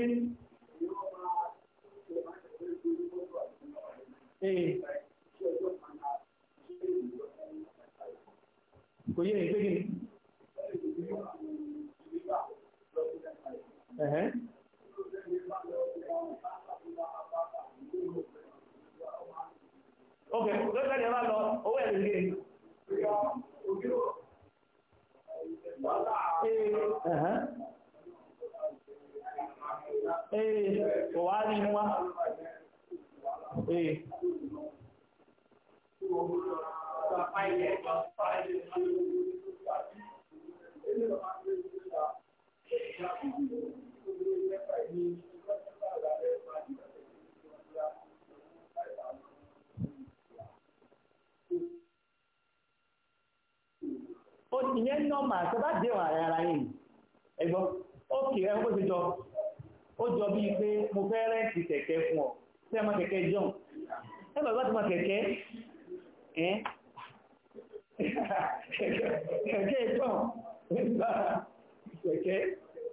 ibẹ̀ kò yẹ ìgbé gini ọkẹ̀ lọ́sẹ̀ bá lọ owó ẹ̀ lè ee kò wá rí ee Thank you. ó ti yẹn nọ́mà tó bá dé wà ara yìí ẹ̀gbọ́n ó kì í kó ti jọ ó jọ bíi pé mo fẹ́ rẹ́ǹtì kẹ̀kẹ́ fún ọ sí ẹ̀ mọ kẹ̀kẹ́ john ẹ bàbá ti mọ kẹ̀kẹ́ ẹ̀ kẹ̀kẹ́ john kẹ̀kẹ́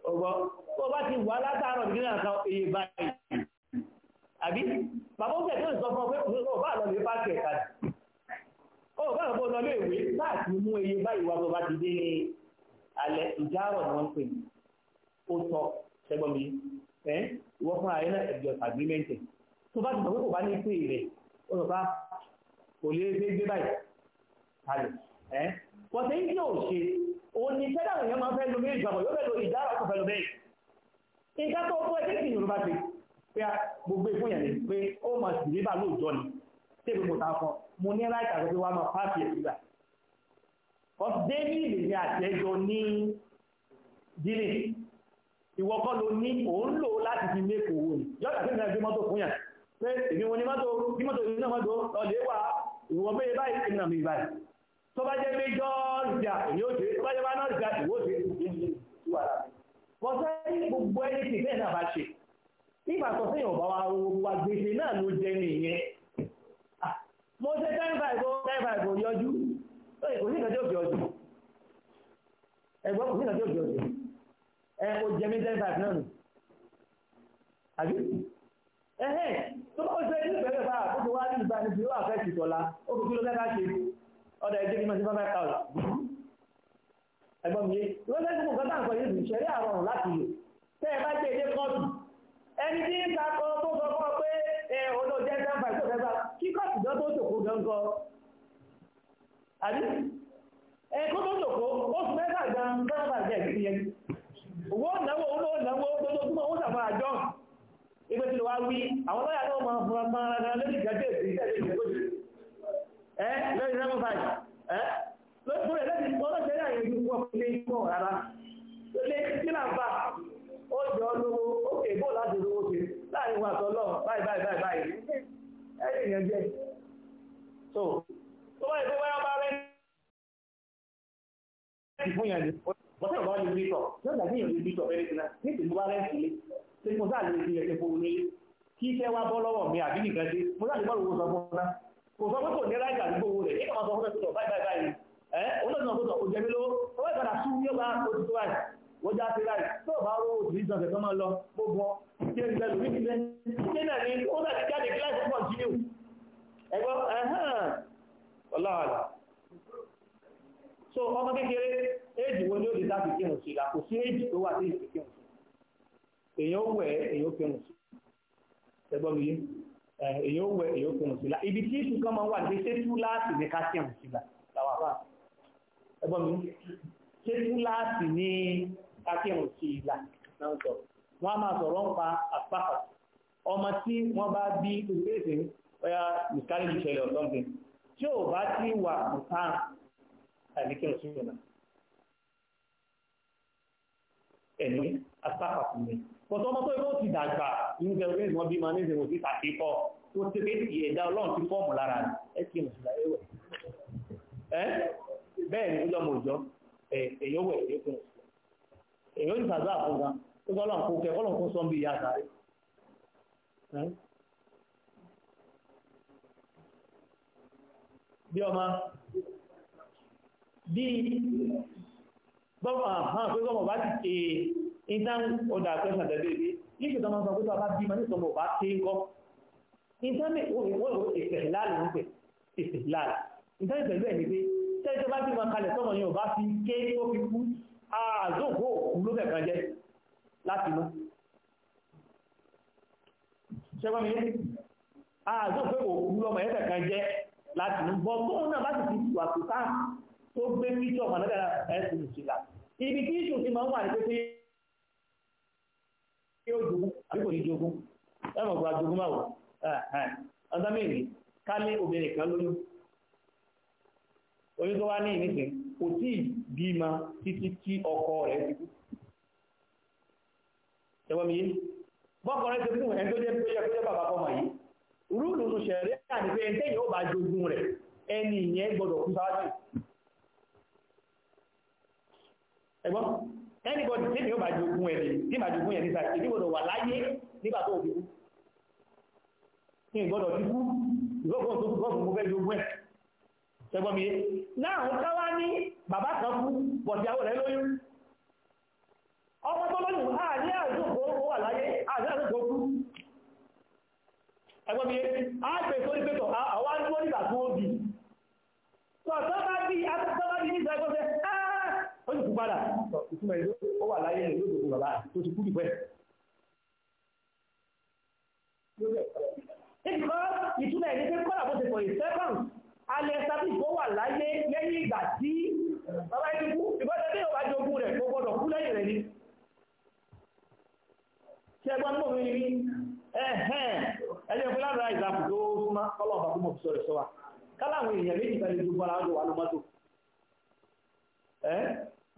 ọgbọ́n tó bá ti wà látàárọ̀ nígbà kan èyí báyìí àbí bàbá ó kẹ̀kẹ́ sọ fún ọ pé òun ò bá lọ lè bá kẹ̀kẹ́ ó bá àbọ̀ lọ léèwé láti mú eye báyìí wá bó bá ti dé ní alẹ́ ìjárọ̀ ni wọ́n ń pè ní ó sọ ṣẹ́gbọ́n mi ẹ́ ìwọ fún ààrẹ náà ẹ̀jọ̀ agreement tó bá ti sọ pé kò bá ní pè rẹ̀ ó sọ pé ah, kò lè gbé gbé báyìí kalẹ̀ ẹ́ pọ̀tẹ́ yìí yóò ṣe òun ni tẹ́lẹ̀ àwọn èèyàn máa fẹ́ lo méjì àbọ̀ yóò fẹ́ lo ìjárọ̀ kò fẹ́ lo bẹ́ẹ̀ nǹkan tó fún ẹ pé ó máa sì rí bá lóòjọ́ ni tèmi mo ta fún mo ní láì tàbí pé wàá máa pàṣẹ ìgbà because david ni àtẹ́jọ ní dílé ìwọ kọ́ ló ní òun lò láti fi mé kòwò ní yọ́dà tí ìrìnàjò mọ́tò fún yàn pé èmi wọn ni mọ́tò bí mọ́tò yìí náà mọ́tò ọ̀lẹ́ wà ìwọ pé báyìí èmi náà mi báyìí tó bá jẹ́ méjọ́ ìjà èmi ó ṣe tó bá jẹ́ bá náà ìjà ìwọ ṣe èmi ti wà láti kọsẹ́ gbogbo ẹni tí bẹ́ẹ̀ náà bá ṣe nígbà kọsẹ́ yóò bá wa gbèsè náà ló jẹ nìyẹn mo ṣe tẹ́ǹbà ìbò tẹ́ǹbà ìbò yọjú kò sí ìkàtí òfin ọjọ́ ẹ̀gbọ́n kò sí ọjọ́ ẹ̀ o jẹ mí tẹ́ǹbà náà nù àbí ẹ̀hẹ́ tó bá ṣe ní ìbẹ̀rẹ̀ bá ó ti wá ní ìgbà ní ìwà fẹ́ ti tọ́lá ó fi kíló mẹ́ta ṣe ọ̀dà ẹ̀jẹ̀ ní mẹ́ta five thousand ẹ̀gbọ́n mi yé lọ́sẹ̀ tí mo gbọ́ bá ń sọ yìí sì ṣẹ̀rí àrọ̀rùn láti lò tẹ́ ẹ bá jẹ́ ilé kọ́ọ̀tù ẹni tí ń takọ tó sọ fún ọ pé ẹ̀ olóòjẹ́ tẹ́ǹb kíkọ́ọ̀tù gan tó ṣòkó gangan àbí ẹ̀kọ́ tó tòkó oṣù mẹ́fà gan mẹ́fà jẹ́ ìpínyẹn ó kè bó láti lówó láàrin báyìí báyìí báyìí ẹ̀rì ìyẹn jẹ́ so tó bá yẹ pé báyọ̀ bá rẹ̀ ní fún yẹn ni bọ́sẹ̀ bá lè bítọ̀ yóò dàbí ìyẹn lè bítọ̀ fẹ́rẹ́ síná ní ìsìn bá rẹ̀ sílé ṣé mo sáà lè fi ẹ̀ṣẹ̀ fún mi kí iṣẹ́ wa bọ́ lọ́wọ́ mi àbí nìkan ṣe mo sáà lè bọ́ọ̀lù wo sọ fún un kò sọ pé kò ní ráìdà àdúgbò wo rẹ̀ nígbà máa sọ fún ẹ̀ wọ́n já sí láì tó bá rú òtún ìjọsẹ̀ tó máa lọ gbogbo kí ẹ gbẹ̀lú ní ilé ní náà ni ó bẹ̀ ti jáde kí láìsí pọ̀ jíníù ẹgbọ́ ẹ̀hán ọláàlá so ọmọ kékeré éèjì wo ni ó di láti kírun sí kò sí éèjì tó wà sí ìsìn kírun sí èèyàn ó wẹ̀ èèyàn ó kírun sí ẹgbọ́n mi èèyàn ó wẹ̀ èèyàn ó kírun sí la ibi tí ìsìn kan máa wà ní ṣé tú láti ní ká kírun sí la làwọn àfà ẹgbọ́n mi ṣé láti ní kákírun sí ìlà náà sọ wọ́n á máa sọ̀rọ̀ ń pa àpapọ̀ ọmọ tí wọ́n bá bí ìgbésè ọya miscarriage ìṣẹ̀lẹ̀ or something tí ò bá ti wà nǹkan àbí kírun sí ìlà ẹ̀mí àpapọ̀ fún mi pọ̀tọ́ ọmọ tó yẹ kó ti dàgbà ní ìjẹun ní ìwọ̀n bímọ ní ìṣẹ̀wò sí tàkì kọ́ tó ti pé ìyẹ̀dá ọlọ́run ti fọ́ọ̀mù lára rẹ̀ ẹ kí n sùdà ẹwẹ̀ bẹ́ẹ̀ ni ó lọ́mọ òjọ́ ẹ̀yọ́wẹ̀ ẹ̀yọ́kùnrin èyí ó ní sàdúrà fún gan ó gbọ́ lọ́n kó kẹ́ kọ́ lọ́n kó sọ bí ìyá àtàrí bí ọmọ bí gbọ́mọ̀ àwọn pé gbọ́mọ̀ bá ti ṣe intern order question tẹ̀lé ibi ní ṣe tọmọ sọ pé tọba bí mọ́ ní tọmọ bá ṣe ń kọ́ intern ìfẹ̀láàlì ń pẹ̀ ìfẹ̀láàlì intern pẹ̀lú ẹ̀ ní pé tẹ́lẹ̀ tó bá bí mọ́ kalẹ̀ tọmọ yóò bá fi ké tó fi kú àzókò òun ló bẹ̀ẹ̀ kan jẹ́ láti mú ṣẹ́gbọ́n mi yé ààzó pé òun lọ́mọ ẹ̀ẹ́fẹ̀ kan jẹ́ láti mú bọ́ tó náà bá sì ti wà tó tá tó gbé píṣọ̀ ọmọ náà ẹ̀sìn ìṣìlá ibi tí ìṣù ti máa ń wà ní pé kí ó jogún àbí kò ní jogún ẹ̀mọ̀ gba jogún máa wò ọ̀dọ́ mẹ́rin ká ní obìnrin kan lóyún oyún ẹwọ́n mi yìí bọ́kọ̀rẹ́ ti fún ẹni tó jẹ́ pé yẹ bàbá fọmọ yìí rúùlù ló ṣẹ̀rí àti pé ẹni tẹ́yìn ó bá jogún rẹ̀ ẹni ìyẹn gbọ́dọ̀ kú sáájú ẹgbọ́n anybody tí mi ó bá jogún ẹni tí màá jogún ẹni sáà èmi gbọ́dọ̀ wà láyé nígbà tó fi kú kí n gbọ́dọ̀ mi yìí náà káwá ní bàbá kan ọmọ tó lóyún àní àdúgbò wà láyé àní àdúgbò kú ẹgbọ́n mi á gbé sórí pẹ́tọ̀ àwọn àdúgbò tó ó bì tọ̀tọ́ bá bí bá bí nígbà ẹgbọ́n ah, ó sì kú padà ìtumọ̀ tó ti kú dìpẹ́ ìkọ́ ìtumọ̀ ìlú tó wà láyé lẹ́yìn tí ẹgbẹ́ mi rí ẹ̀hẹ́n ẹjẹ́ fún lára ìzàpù tó súnmọ́ kọ́lọ̀ tó mọ̀ fi sọ̀rọ̀ sọ́wà káláwọn èèyàn méjì wà ló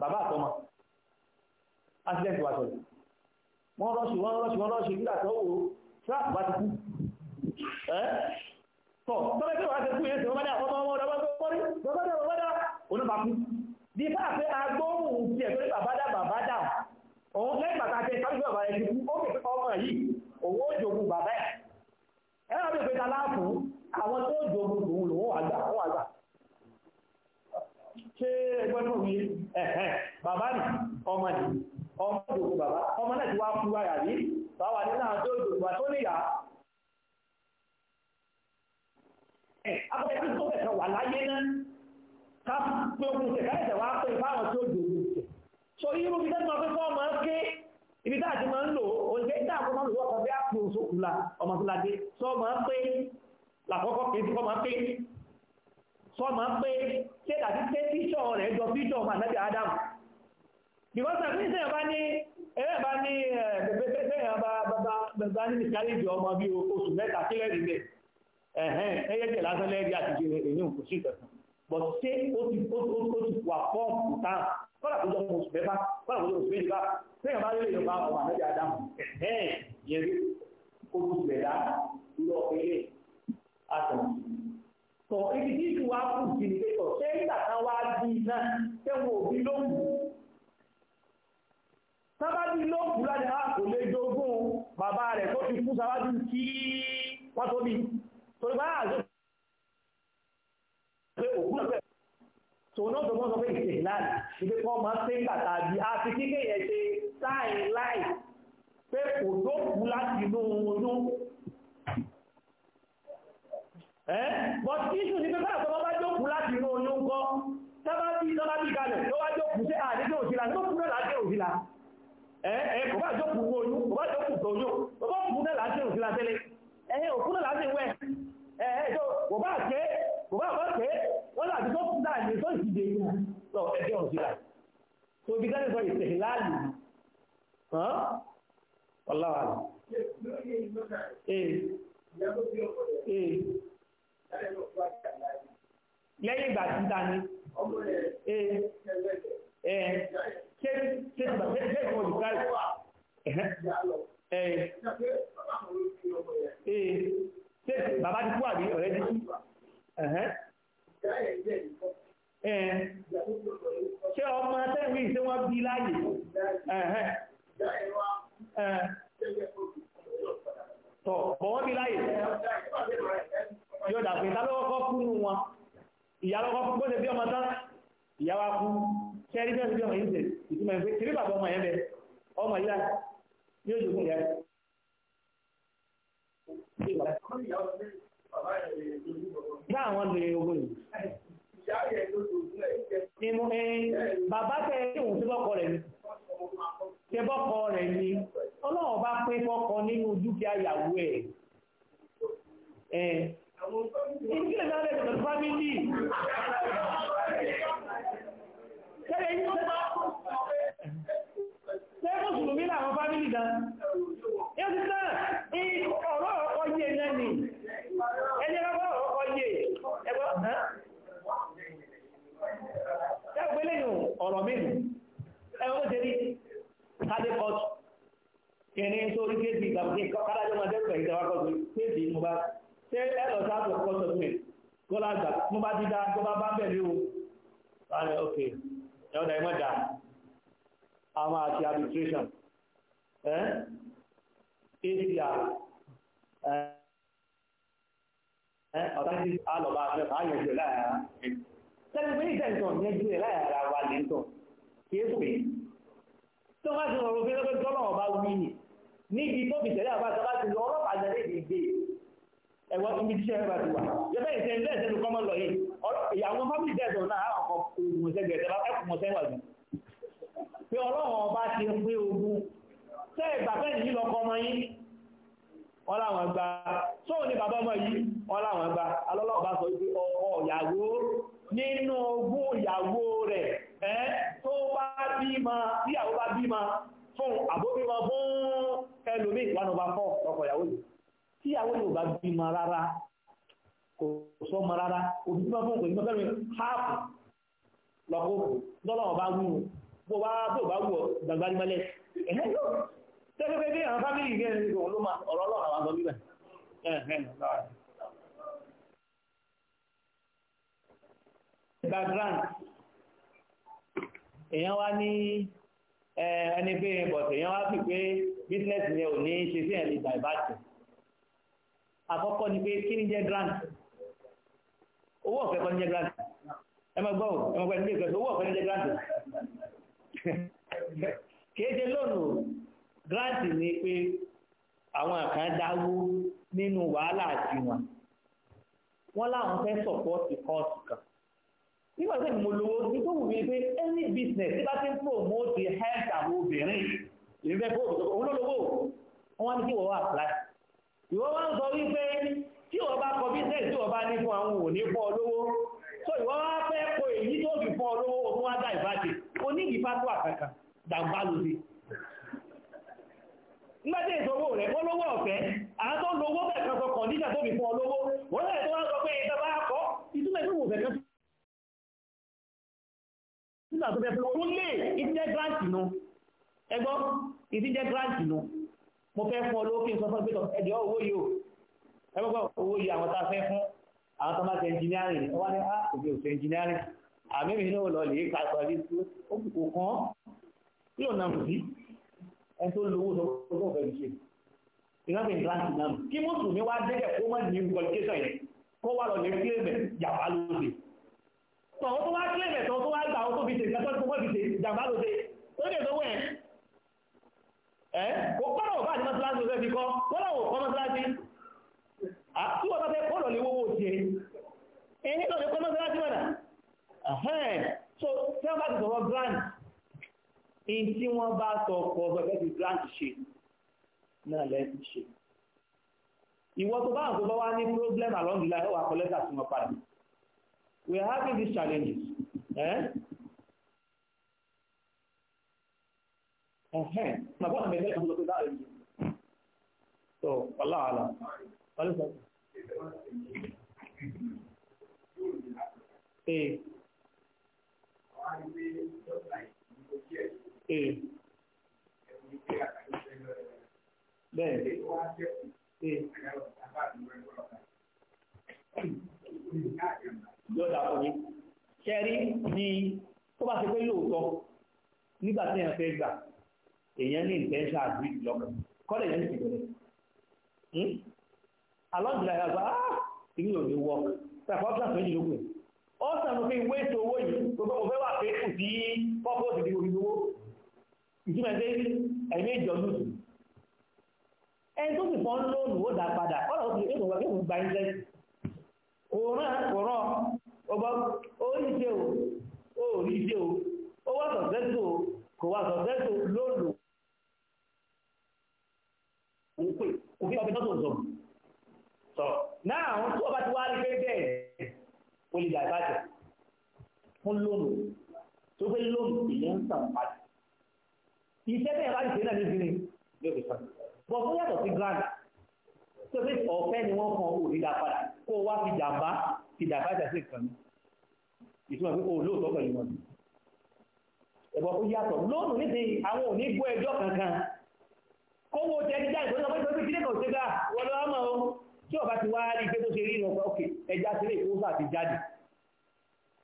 bàbá àtọ́mà accident wà sọ̀rọ̀ wọ́n rọ́ọ̀ṣì wọ́n nígbà tó wò trap bá ti kú tí wàá kú yẹn bá ọmọ wọn kọ́rí bàbá dá òun lẹ́yìn bàtà jẹ sábẹ́ bàbá ẹni kú ó fi ọmọ yìí òun ó jogun bàbá ẹ̀ àwọn tó jogun lòun ṣé ẹgbẹ́ wí bàbá nì ọmọ nì ọmọ jogun bàbá ọmọ náà ti wá báwa ní náà tó jogun tó tó wà láyé náà ká pé so irú bí tẹ́tí máa fi fọ́ ọmọ ké ibi tá àti máa ń lò oúnjẹ ìdá àkọ́kọ́ máa ń lò ọkọ̀ bí àpò sókùlà ọmọ tó lajẹ sọ máa pé làkọ́kọ́ kì í ti kọ́ máa pé sọ máa pé ṣé tàbí pé tíṣọ̀ rẹ̀ jọ fíṣọ̀ ọmọ ànábì ádámù because àti ìṣẹ́ ìbá ní ẹ̀rẹ́ ìbá ní bẹ̀bẹ̀ ní miscarriage ọmọ bí oṣù mẹ́ta sílẹ̀ nílẹ̀ ẹ̀hẹ́n ẹ̀yẹ́jẹ̀ lásán lẹ́rí àti ìṣẹ́ ìyún kò sí ìtẹ̀sán but ṣé ó ti wà fọ́ọ̀mù táà kọ́lá kó jọ mọ̀ oṣù mẹ́fà kọ́lá kó jọ oṣù méjìlá sẹ́yìn bá lélẹ̀ yorùbá ọmọ àmẹ́jì adamu ẹ̀hẹ́n yẹn rí ojú ìgbẹ̀dá lọ ilé àtàn. tọ̀ ibi tí ìlú wa kù sí ni pé tọ̀ ṣé nígbà kan wá bí iná tẹ́wọ̀n òbí ló wù. sábàbí ló wù lájà ah, kò lè jogún bàbá rẹ̀ tó ti kú sábàbí kí wọ́n tó bí. torí báyà àjọ ah, pé òkú náà tòun náà tòun sọ pé ìsìnláì ibi kan máa ń ṣe ń bàtà bí a ti kíkẹ́ yẹn ṣe sáìn láì pé kò tó kú láti inú oyún ẹ́ but iṣu ni pé báyìí tọ́wọ́ bá jókòó láti inú oyún kọ́ sábà bí tọ́lá bí kalẹ̀ tó wá jókòó sí àdéjé òjìlá tó kú náà láti òjìlá ẹ́ kò bá jókòó oyún kò bá jókòó tó oyún kò bá kú náà láti òjìlá tẹ́lẹ̀ ẹ̀ òkú náà láti wẹ̀ ẹ̀ ẹ̀ tó kò bá jẹ́ bàbá àbá pé wọ́n láti tó kúta ní tó ìdíje yìí lọ ẹgbẹ́ ọ̀hún síra tó bí káyọ̀ sọ ìṣẹ̀lẹ̀ láàyè yìí hàn ọ̀làwà lọ. lẹ́yìn ìgbà tí ta ni ṣé ṣé ṣé ìwọ̀n yìí káyọ̀ ṣé bàbá ti kú àbí ọ̀rẹ́ ti kú ṣé ọmọ tẹ́lẹ̀ ṣé wọ́n bí láyè tọ̀ bọ̀ wọ́n bí láyè yóò dàpín tálọ́kọ́ kúrú wọn ìyálọ́kọ́ bó ṣe bí ọmọ tán ìyáwá kú ṣẹ́rí bẹ́ẹ̀ bí ọmọ yìí ṣe ìtumọ̀ ìfẹ́ kiri bàbá ọmọ yẹn bẹ ọmọ yìí láti yóò jogún yẹn láwọn lè owó yìí nínú ẹ bàbá tẹ ìwọ̀n sí bọ́kọ rẹ̀ ni tẹ bọ́kọ rẹ̀ ni ọlọ́run bá pín fọ́kọ nínú dúkìá ìyàwó ẹ̀ ẹ̀ ìdílé náà lẹ́gbẹ̀ẹ́ pẹ̀lú fámílì tẹ́lẹ̀ yìí tó bá tẹ́lẹ̀ mùsùlùmí làwọn fámílì gan-an yóò ti tán ọ̀rọ̀ ọyẹ náà ni ẹ pé lẹ́yìn ọ̀rọ̀ mélòó ẹ̀wọ́n ṣe rí sáré kọ́ọ̀tù kìnìún tó rí kéèsì ìgbàgbé kádájọ́ máa dẹ́kun ẹ̀yìn tẹ́wọ́ kọ́ọ̀tù kéèsì mo bá ṣé ẹ lọ sáàtọ̀ kọ́ọ̀tù mi kọ́lá gbà mo bá dídá tó bá bá bẹ̀rẹ̀ o láàrin ok ẹ̀wọ́n dà ẹ̀mọ́ dà á máa ṣe arbitration ẹ̀ ACR ẹ̀ ọ̀tá ti alọ̀bá afẹ́fà ayẹ̀jẹ̀ láàárá sẹ́ni pé ìtẹ̀sán yẹjú rẹ̀ láàárá wa lè tọ̀ kìí pè tó má ti rọrùn pé lọ́pẹ́ tọ́lọ̀ ọba wí ni níbi tó fi tẹ̀lé àbá sábà ti lọ ọlọ́pàá jẹ́ lè gbé ẹ̀wọ́n níbi tíṣẹ́ rẹ̀ bá ti wà yọ̀bẹ́ ìṣẹ́ ilé ẹ̀sẹ̀ ló kọ́mọ́ lọ yìí ìyàwó fábílì tẹ̀sán náà jù pé wọ́n láwọn gba tó ní bàbá ọmọ yìí wọ́n láwọn gba alọ́lọ́ọ̀bá sọ wípé ọkọ ìyàwó nínú ogún ìyàwó rẹ̀ ẹ́ tó bá bímọ tí ìyàwó bá bímọ fún àbóbímọ fún ẹlòmí one over four ọkọ ìyàwó yìí tí ìyàwó yóò bá bímọ rárá kò sọmọ rárá òbí bímọ fún òbí tẹ́lẹ̀ pé bí àwọn fámìlì yìí rẹ̀ ló ló máa ọ̀rọ̀ ọlọ́run àwọn àgbọ̀n bíbẹ̀. background èèyàn wá ní ẹni pé but èèyàn wá sí pé business yẹn ò ní ṣe ni pé kí ni jẹ́ grant owó ọ̀fẹ́ kọ́ ni jẹ́ grant ẹ máa gbọ́ ẹ máa gbọ́ ẹ ní ilé ìgbésẹ̀ owó ọ̀fẹ́ ni jẹ́ grant grant ni pé àwọn kan dáwó nínú wàhálà àti wọn wọ́n láwọn fẹ́ sọ̀pọ́ọ̀tì kọ́ọ̀sì kan nígbà tí mo lówó ní tó wù mí pé any business tí bá ti ń promote health àwọn obìnrin ìrìn fẹ́ fóònù òun ló lówó wọ́n ní kí wọ́n wá apply ìwọ wá ń sọ wípé tí wọ́n bá kọ business tí wọ́n bá ní fún àwọn òní fún ọ lówó so ìwọ wá fẹ́ kọ èyí tó fi fún ọ lówó òun wá dá ìbáṣe oníyìí fásitì àkàkà dàgbà lòdì nígbàtí ìṣòwò rẹ̀ wọ́n lówó ọ̀fẹ́ àwọn tó lówó bẹ̀rẹ̀ sọ kọ̀ndíṣà tó fi fún ọ lówó wọ́n lẹ́yìn tó wá sọ pé ìta bá kọ́ ìtumẹ̀ tó wò fẹ́ kan nígbà tó fẹ́ fún ọ lè ìtijẹ́ gírántì nu ẹgbọ́ ìtijẹ́ gírántì nu mo fẹ́ fún ọ lówó kí n sọ fún pé ẹ̀dẹ̀ owó yìí o ẹgbẹ́ owó yìí àwọn tá a fẹ́ fún àwọn tó náà ẹni tó lówó tó gbọ́dọ̀ fẹ́ ṣe ìrántí ìrántí náà kí mùsùlùmí wá débẹ̀ kó má ní qualification yẹn kó wá lọ lè kílèmẹ̀ jàmbá lóde tọ̀wọ́ tó wá kílèmẹ̀ tọ̀wọ́ tó wá gbà ó tó fi ṣe ìgbàsọ́ tó wọ́n fi ṣe jàmbá lóde ó lè tó wẹ̀ ẹ́ kó kọ́nà òkú àti mọ́sálásí ló fẹ́ fi kọ́ kọ́nà òkú mọ́sálásí tí wọ́n bá fẹ́ kọ́nà lè so tí wọ́n bá ti sọ̀rọ̀ grant in tí wọ́n bá sọ ọ̀pọ̀ ọgbẹ́ ti grant ṣe náà lẹ́sìn ṣe ìwọ tó bá àwọn tó ní problem along the line wà kọ lẹ́tà sí wọn padà we are having these challenges nàbọ́ so wàláhàlà wàlúùsọ̀tò. bẹ́ẹ̀ yọ̀dà fún yín ṣẹ́rí ni tó bá ṣe pé lóòótọ́ nígbà tí èèyàn fẹ́ gbà èèyàn ní intention agree lọ́kàn kọ́lẹ̀ yẹn ti bẹ̀rẹ̀ hmm? along the line ah ìlú ò ní work ṣàkóso ọ̀sán méjì ló pè ó sàmù pé ìwé ètò owó yìí gbogbo òfẹ́ wà pé kù sí pọ́pọ́ọ̀sì ìdíwọ́ ìdíwọ́ ìtumọ̀ ẹgbẹ́ ẹ̀mí ìjọ́dún ẹni tó sì fọ́ ń lóòlù ó dá padà ọ̀rọ̀ ó sì ètò wọ́n kéwòn gba ẹ̀ńtẹ́ òórùn àkùrọ̀ ọgbọ́n orí ṣe o orí ṣe o ó wà sọ̀tẹ́tò kò wà sọ̀tẹ́tò lóòlù òun pè kò fi ọbẹ̀ tọ́tò sọ̀rọ̀ sọ̀ náà àwọn tí ọba ti wá rí pé bẹ́ẹ̀ o lè dà ìbàjẹ́ fún lóòlù tó fẹ́ lóòlù ìyẹn ń sàn padà iṣẹ́ bẹ́ẹ̀ bá ti ṣe náà ní ìsinmi yóò fi sọ̀rọ̀ bọ̀ fún yàtọ̀ sí grand tó fi ọ̀fẹ́ ni wọ́n kan òrí dá padà kó wá fi jàmbá fi jàmbá jà sí ìkànnì ìtumọ̀ pé kó o lóòótọ́ pẹ̀lú wọn ẹ̀bọ̀ ó yàtọ̀ lóòrùn níbi àwọn òní gbọ́ ẹjọ́ kankan kówó tẹ ẹni jáde tó lọ pé pé kílẹ̀ kò ṣe gbà wọ́n lọ́wọ́ mọ́ o tí ọba ti wá rí pé tó ṣe rí ìrìn ọ̀pọ̀ òkè ẹja sílé ìfowópamọ́ àti jáde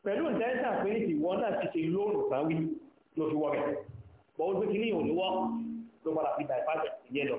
pẹ̀lú ìtẹ́sà pé ní ìwọ náà ti ṣe lóòrùn sáwí ló fi wọ́ bẹ̀ bọ́ ó gbé kí ní òníwọ́ ló padà fi dà ìfàṣẹ ìyẹn lọ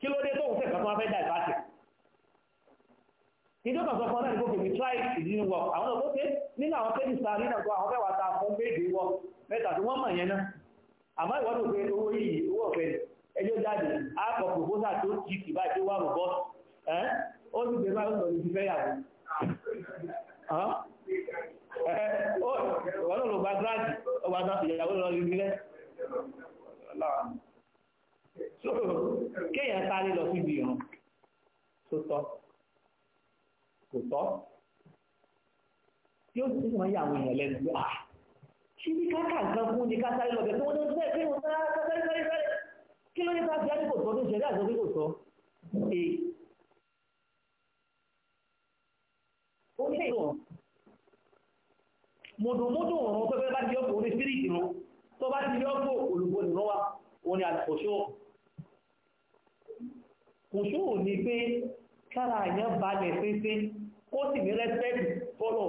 kí ló dé tóun fẹ́ẹ̀kan tó wá fẹ́ dá ìbáṣẹ̀ ìjọ kan sọ fún ọ náà ní try ìdílé wọ àwọn náà kókè nínú àwọn kéjì sa nínú ọgbà àwọn fẹ́wàá ta fún méjì wọ mẹ́ta tí wọ́n mọ̀ yẹn náà àmọ́ ìwọ́dún pé owó yìí owó ọ̀fẹ́ ẹjọ́ jáde àpọ̀ proposal tó ti kì bá ìdíwà rò bọ́ ẹ́ ó sì gbé báyìí lọ́dún ti fẹ́ yàwó ìwọ́n ló gba ọgbà kéèyàn sáré lọ síbi ìrùn tó tọ́ kò tọ́ tí ó sì mọ iye àwọn èèyàn lẹ́nu pé ah ṣé bí káàkà nǹkan fún ni ká sáré lọ bẹ̀ tí wọ́n tó bẹ́ẹ̀ pé wọ́n sáré sáré sáré sáré kí ló ní ká fi àdúgbò tọ́ tó ṣẹlẹ̀ àjọ pé kò tọ́ ee ó ní ìwọ̀n mọ̀dùnmọ́dù ọ̀rọ̀ pẹ́pẹ́ bá di ọkọ̀ orí spiriti rún tó bá di ọkọ̀ olùgbò nìrọ̀ wa òun ni àlùkò ṣó kùsùn ní pé kára àyàn balẹ̀ pínpín kó sì ní rẹ́sẹ̀tì fọ́lọ̀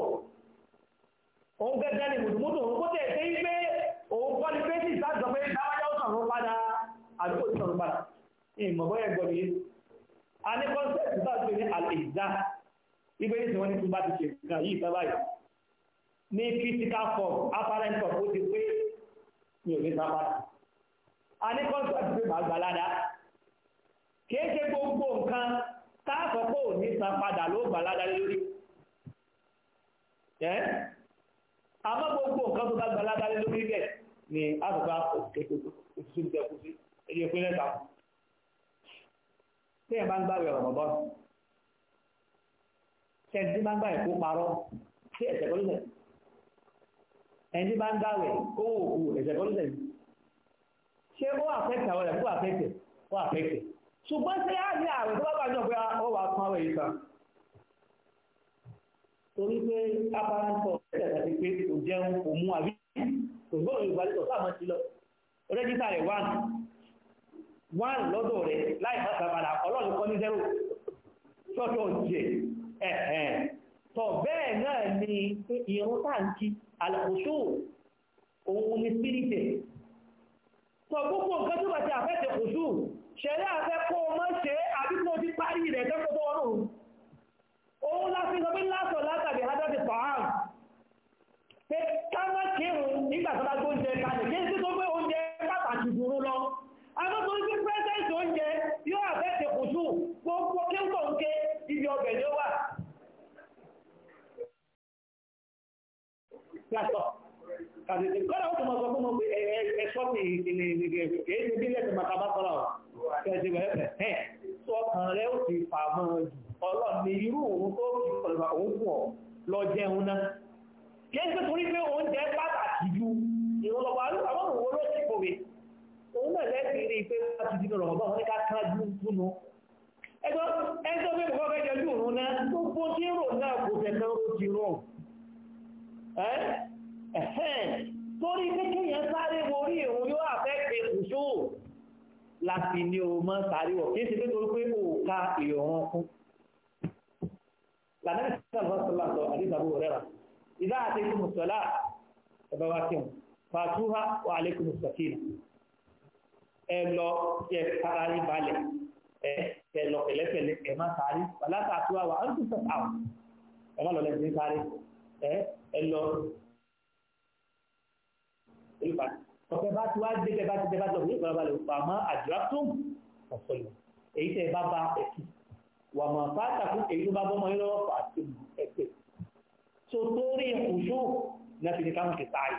òun gẹ́gẹ́ ni mùtùmùtù òun kó tẹ̀ pé pé òun kọ́ ni pé sì sáàjọ pé dáwájá ó sọ̀rọ̀ padà àdúgbò ti sọ̀rọ̀ padà ìmọ̀ bọ́yẹ̀ gbọ́dọ̀ yìí a ní kọ́nsẹ̀tì bá ti ní àlèjá ibẹ̀ yìí tí wọ́n ní tún bá ti ṣe nǹkan yìí bá báyìí ní physical form apparent form ó ti pé mi ò ní sábà a ní kọ́nsẹ̀tì pé màá kìí ṣe gbogbo nǹkan káàkọ́kọ́ ò ní san padà ló gbà ládàrí lórí ẹ́ àmọ́ gbogbo nǹkan tó bá gbà ládàrí lórí rẹ̀ ni àgbà òṣìṣẹ́ ìjẹ kú sí ẹyẹ ìpínlẹ̀ ta tí ẹ̀ bá ń gbàwé ọ̀rọ̀ bọ́ ṣẹ́ni tí bá ń gbàwé kó parọ́ sí ẹ̀sẹ̀ kọ́lùsẹ̀ ẹni tí bá ń gbàwé kó wò kú ẹ̀sẹ̀ kọ́lùsẹ̀ ṣé ó àfẹ́tẹ̀ àwọn ẹ̀kú àfẹ́tẹ̀ ó àfẹ́tẹ̀ ṣùgbọ́n ṣé á ní ààrẹ tó bá bá jọ pé ọ wà fún àwẹ̀ ìta torí pé abarantọ ẹ̀ẹ́dẹ̀ ti pé kò jẹun kò mú àbí kò gbọ́dọ̀ ìgbàlejò sáà mọ́ sí lọ rẹ́jísà rẹ̀ wà wọ́n lọ́dọ̀ rẹ̀ láì pàtàkàdà ọlọ́run kọ́ ní zero ṣọ́tọ̀ jẹ́ ẹ̀hẹ̀n tọ̀ bẹ́ẹ̀ náà ni irun táǹkì alàkóṣò òun ni spirite sọ gbogbo nǹkan tó bàtí àfẹ́tẹ̀ kò sù ṣẹlẹ̀ àfẹ́ kó o mọ́ ṣe àbí kó o ti parí rẹ̀ tẹ́kọ̀ tó wọ́n òun láti sọ pé lásọ̀ látàbí adájọ́ pàám pé ká má kírun nígbà tó bá gbóúnjẹ kalẹ̀ kí n tó gbé oúnjẹ pàtàkì dúró lọ àbúkò ní pẹ́sẹ̀ntì oúnjẹ yóò àfẹ́tẹ̀ kò sù gbogbo kéńkọ̀ǹké ibi ọbẹ̀ ni ó wà. Yàtọ̀ kàtìtì kọ́lá ó tó mọ̀ sọ fún mọ̀ pé ẹ̀ṣọ́ ti kéèké bí lẹ́sẹ̀ màkà bá sọ́lá ọ̀ kẹ́ẹ̀sì wẹ̀ẹ́fẹ̀ ẹ̀ tó ọkàn rẹ̀ ó ti fà mọ́ jù ọlọ́ọ̀ni irú òun tó fi pọ̀lọ̀mà òun fún ọ lọ jẹun náà kẹ́ẹ̀sì torí pé oúnjẹ pàtàkì ju ìrọ̀lọ́pàá àwọn òun ló ti pòwe òun náà lẹ́sìn rí i pé wọ́n ti dín ọ̀rọ̀ bá wọn ní ká kán ju túnú ẹjọ́ ẹjọ́ pé kò fẹ́ jẹ́ ju òun náà gbogbo tí ń rò náà kò fẹ́ kán ó torí pé kíyàn sáré orí ìrùn yóò àfẹ́kẹ́ ìṣó láti ní o mọ́ kí n ṣe pé pé kò ka ìrùn kún lànà ìsìnkú sọlá sọ àdìsàbò rẹ rà ìdá àti ìkùn sọlá ẹbẹ wa kí wọn fàtúhà wà lẹkùn sọkìlì ẹ lọ jẹ kára yín balẹ̀ ẹ ẹ lọ pẹ̀lẹ́pẹ̀lẹ́ ẹ má sáré wà látàtúwà wà á ẹ má lọ lẹsìn sáré ẹ ẹ lọ ìfà ọ̀pẹ bá ti wá dé tẹ bá ti tẹ bá tọ̀ ní ìfọ̀rọ̀balẹ̀ òpàmọ́ àdúrà tó ń ọ̀sọ̀ yìí èyí tẹ bá ba ẹ̀kí wà mọ̀ pátákó èyí ló bá bọ́ mọ́ yín lọ́wọ́ fà á ti mú ẹ̀pẹ́ tó torí ìkùsù náà fi ní káwọn ti táyì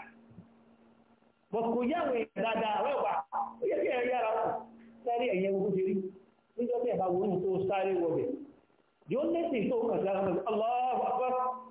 bọ̀ kò yá àwọn èèyàn dáadáa àwọn ó yẹ kí ẹ̀ yára wọn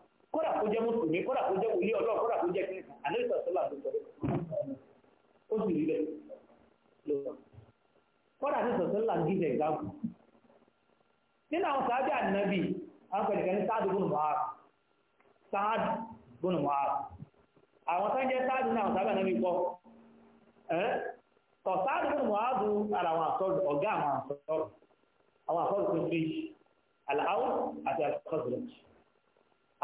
kódà kó jẹ́ mùsùlùmí kódà kó jẹ́ wòlíì ọlọ́ọ̀ kódà kó jẹ́ kìnnìkan àlẹ́sọ̀ sọ́là tó sọ̀rọ̀ ó sì rí bẹ́ẹ̀ lọ́wọ́ kódà àlẹ́sọ̀ sọ́là ń gíjẹ ìdáàbò nínú àwọn sàájà ànábì àwọn pẹ̀lẹ́kẹ́ ní sáàdù gbọ́nù wàá sáàdù gbọ́nù wàá àwọn sáàjà sáàdù náà sáàjà ànábì kọ́ ẹ́ tọ̀ sáàdù gbọ́nù wàá du ara àwọn àsọ̀rọ̀ ọ̀gá àwọn àsọ̀rọ̀ àwọn àsọ̀rọ̀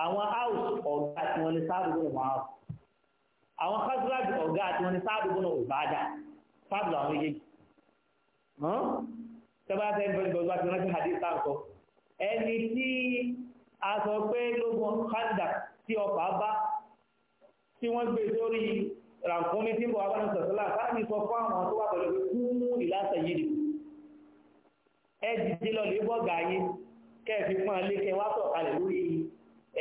àwọn house ọ̀gá tí wọ́n ní sáàbù gbọ́nà wà áwọ̀ àwọn kásíláàbù ọ̀gá tí wọ́n ní sáàbù gbọ́nà òbáadà sáàbù àwọn méjèèjì tẹ́bá tẹ́ bẹ́ẹ̀ bọ́lá tí wọ́n ti hàdí sáàkọ́ ẹni tí a sọ pé lógún kanda tí ọkọ̀ bá tí wọ́n gbé sórí ràǹkúnmí tí ń bọ̀ abánu sọ̀tọ́lá sáàbù sọ fún àwọn tó wà pẹ̀lú pé kú mú ìlàsẹ̀ yìí ẹ dìde lọ lè bọ́ gàáyé kẹ́ẹ̀ fi pọ́n lé kẹ́ wá sọ̀kalẹ̀ lórí yìí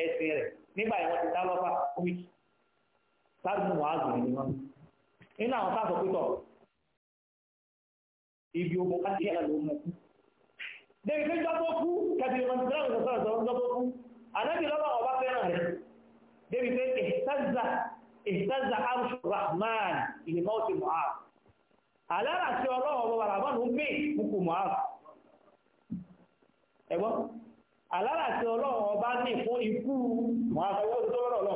ẹ̀sìn rẹ̀ nígbà yẹn wọ́n ti dá lọ́fà wíìkì sáàdùn wàhálà ni wọ́n nínú àwọn sáàsọ pítọ̀ ibi ogun káàkiri ẹ̀rọ ló mú kú débi pé jọ́pọ̀ kú kẹfì ìmọ̀ ìdílé àwọn ìsọ̀rọ̀ sọ̀rọ̀ jọ́pọ̀ kú ànábì lọ́wọ́ ọba fẹ́ràn rẹ̀ débi pé ìsẹ́zà ìsẹ́zà arṣu rahman ìlímọ̀ ti mu'az alára sí ọlọ́wọ́ ọba rahman ń aláràtí ọlọ́run ọba ní fún ikú mọ̀háfẹ́wọ́ tó lọ́rọ̀ lọ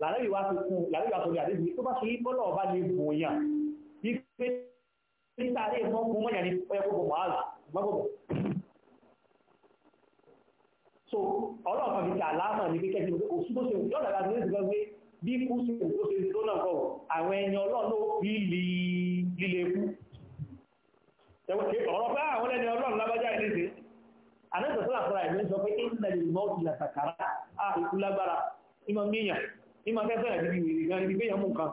làrẹ́bíwá ti kú làrẹ́bíwá tó lè àdébí tó bá ṣe yí bọ́lọ̀ ọba lè bò yàn bí pé níta rí ìmọ̀ fún mọ́yà ní so ọlọ́run kan fi ta àlámà ní kékeré ní oṣù tó ṣe yọ̀ọ̀dà láti ní ìgbà pé bí kú sí òkú tó ṣe tó náà kọ̀ àwọn ẹni ọlọ́run ló fi líle kú ọ̀rọ̀ pé àwọn àrẹ́sẹ̀ tó làkọ́ra ẹ̀mí sọ pé ìnàlè mọ́ọ̀tì làtàkàrà à ikú lágbára ìmọ̀ míyàn ìmọ̀ akẹ́kọ̀ọ́ àti ibi ìrìn gan ibi gbéyàn mú nǹkan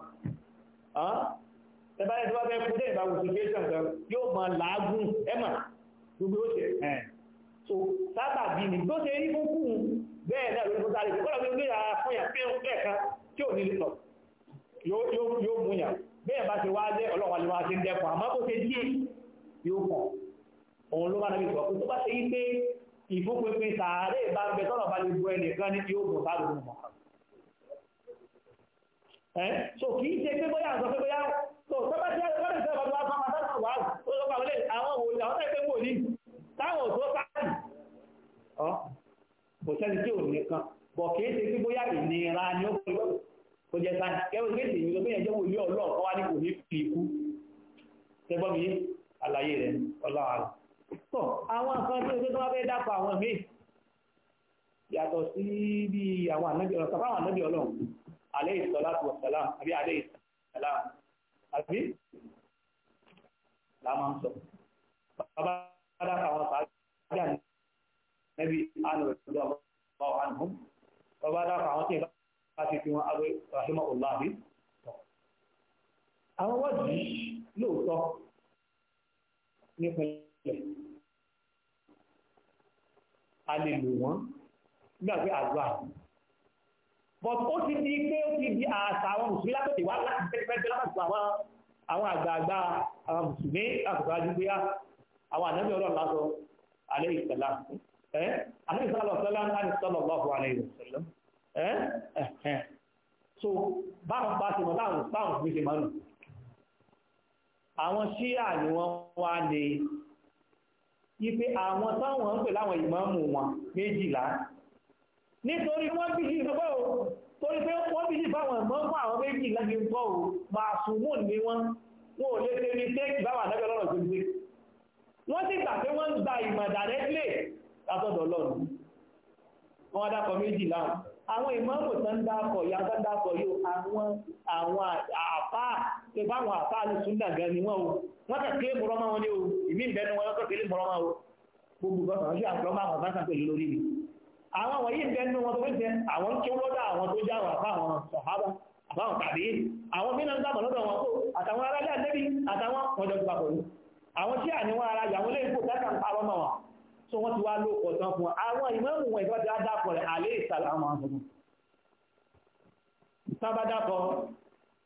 ah, ẹ̀bá ẹ̀sẹ̀ bá fẹ́ kú dẹ́ ìbá wùsùn fẹ́ sàn kan yóò máa làágùn ẹ̀mà gbogbo ó ṣe ẹ̀ so sábà bí ni tó ṣe rí fún kù bẹ́ẹ̀ náà ló ń sáré kọ́lá mi lóyà fọyà pé bẹ́ẹ̀ kan tí ò ní lọ yóò mú yàn bẹ́ẹ̀ bá ṣe wá jẹ́ ọlọ́wọ́ òun ló bá nàbí sọ pé tó bá ṣe yí pé ìfúnpinpin sàárè bá ń bẹ tọ́lọ̀ bá lè bu ẹnìkan ní tí ó gùn bá lòun mọ̀ ẹ́ so kì í ṣe pé bóyá àǹsọ pé bóyá tó tọ́lá tí wọ́n lè sọ ìbàdàn wá fáwọn àtàkùn wá ó lọ́pàá wọlé àwọn wò àwọn tẹ́ pé wò ní táwọn tó sáàyè ọ́ kò sẹ́ni tí ò nìkan bọ̀ kì í ṣe pé bóyá ìnira ni ó fi wọ́n kò jẹ sáà kẹwọ́n kéèsì ìlú bí ẹjọ́ wòlíọ̀ ọlọ́ọ̀kọ́ wá ní kò ní fi ikú tẹ́gbọ́n mi àlàyé rẹ̀ ọlọ́run tọ̀ àwọn nǹkan tí oṣù tó wá fẹ́ dápọ̀ àwọn míì yàtọ̀ sí bí àwọn ànábì ọlọ́run tàbí àwọn ànábì ọlọ́run alẹ́ ìsọ̀láàtù ọ̀sálàm àbí alẹ́ ìsọ̀láàm àbí là máa ń sọ bàbá dápọ̀ àwọn sàájú ànábì àná ìṣòro ọmọ àná bàbá dápọ̀ àwọn tí ìbá ti fi wọn abẹ́ rahimah ọláàbí àwọn wọ́ọ̀dù yìí lóòótọ́ nípìnlẹ̀ lẹ̀ a lè lò wọ́n nígbà pé àdúrà but ó ti di pé ó ti di àṣà àwọn mùsùlùmí látòkè wá láti pẹ́ẹ́pẹ́ẹ́ láti àwọn àwọn àgbààgbà àwọn mùsùlùmí àtùkọ́ àdúgbò àwọn ànábì ọlọ́run lásọ alẹ́ ìsẹ̀lá ẹ́ alẹ́ ìsẹ̀lá ọ̀sẹ̀lá ní sọ́lọ̀ lọ́fọ̀ alẹ́ ìsẹ̀lá ẹ́ ẹ̀hẹ́ so báwọn bá ti mọ̀ láwọn báwọn fi ṣe mọ́nù àwọn ṣíà ni wọ́n wá lè ipe àwọn táwọn ń pè láwọn ìmáàmù wọn méjìlá nítorí wọ́n bí i ìsọ́gbọ́ o torí pé wọ́n bí i báwọn ìmáàmù àwọn méjìlá ní gbọ́ o máa sùn mú ní wọn wọn ò lè ṣe ní tẹ́ẹ̀kì báwọn àdájọ́ lọ́rọ̀ tó gbé wọ́n sì gbà pé wọ́n ń gba ìmọ̀ dàrẹ́lẹ̀ látọ̀dọ̀ lọ́rùn wọn dákọ̀ méjìlá àwọn ìmáàmù tán dákọ̀ ya tán dákọ̀ yóò àwọn àwọn àfá pé báwọn àfá lè súnà gan ni wọ́n o wọ́n tẹ̀ kéré wọn ní o ìmí ìbẹ́nu wọn lọ́tọ̀ kéré mọ́rọ́ o gbogbo gbọ́sàn án sí àpọ̀lọ́ máa wọn bá sàn pẹ̀lú lórí mi àwọn wọ̀nyí ìbẹ́nu wọn tó jẹ àwọn tó lọ́dọ̀ àwọn tó já àwọn àfá àwọn sàhábà àbáwọn tàbí àwọn mí àtàwọn ará ilé àtẹ́bí àtàwọn ọjọ́ ìgbàpọ̀ àwọn tí à ní wọn ara yàwọn lè kó dákà ń parọ́ so wọ́n ti wá ló kọ̀tán fún àwọn ìmáàmù wọn ìbá ti wá dápọ̀ rẹ̀ alẹ́ ìsàlámù àwọn sábà dápọ̀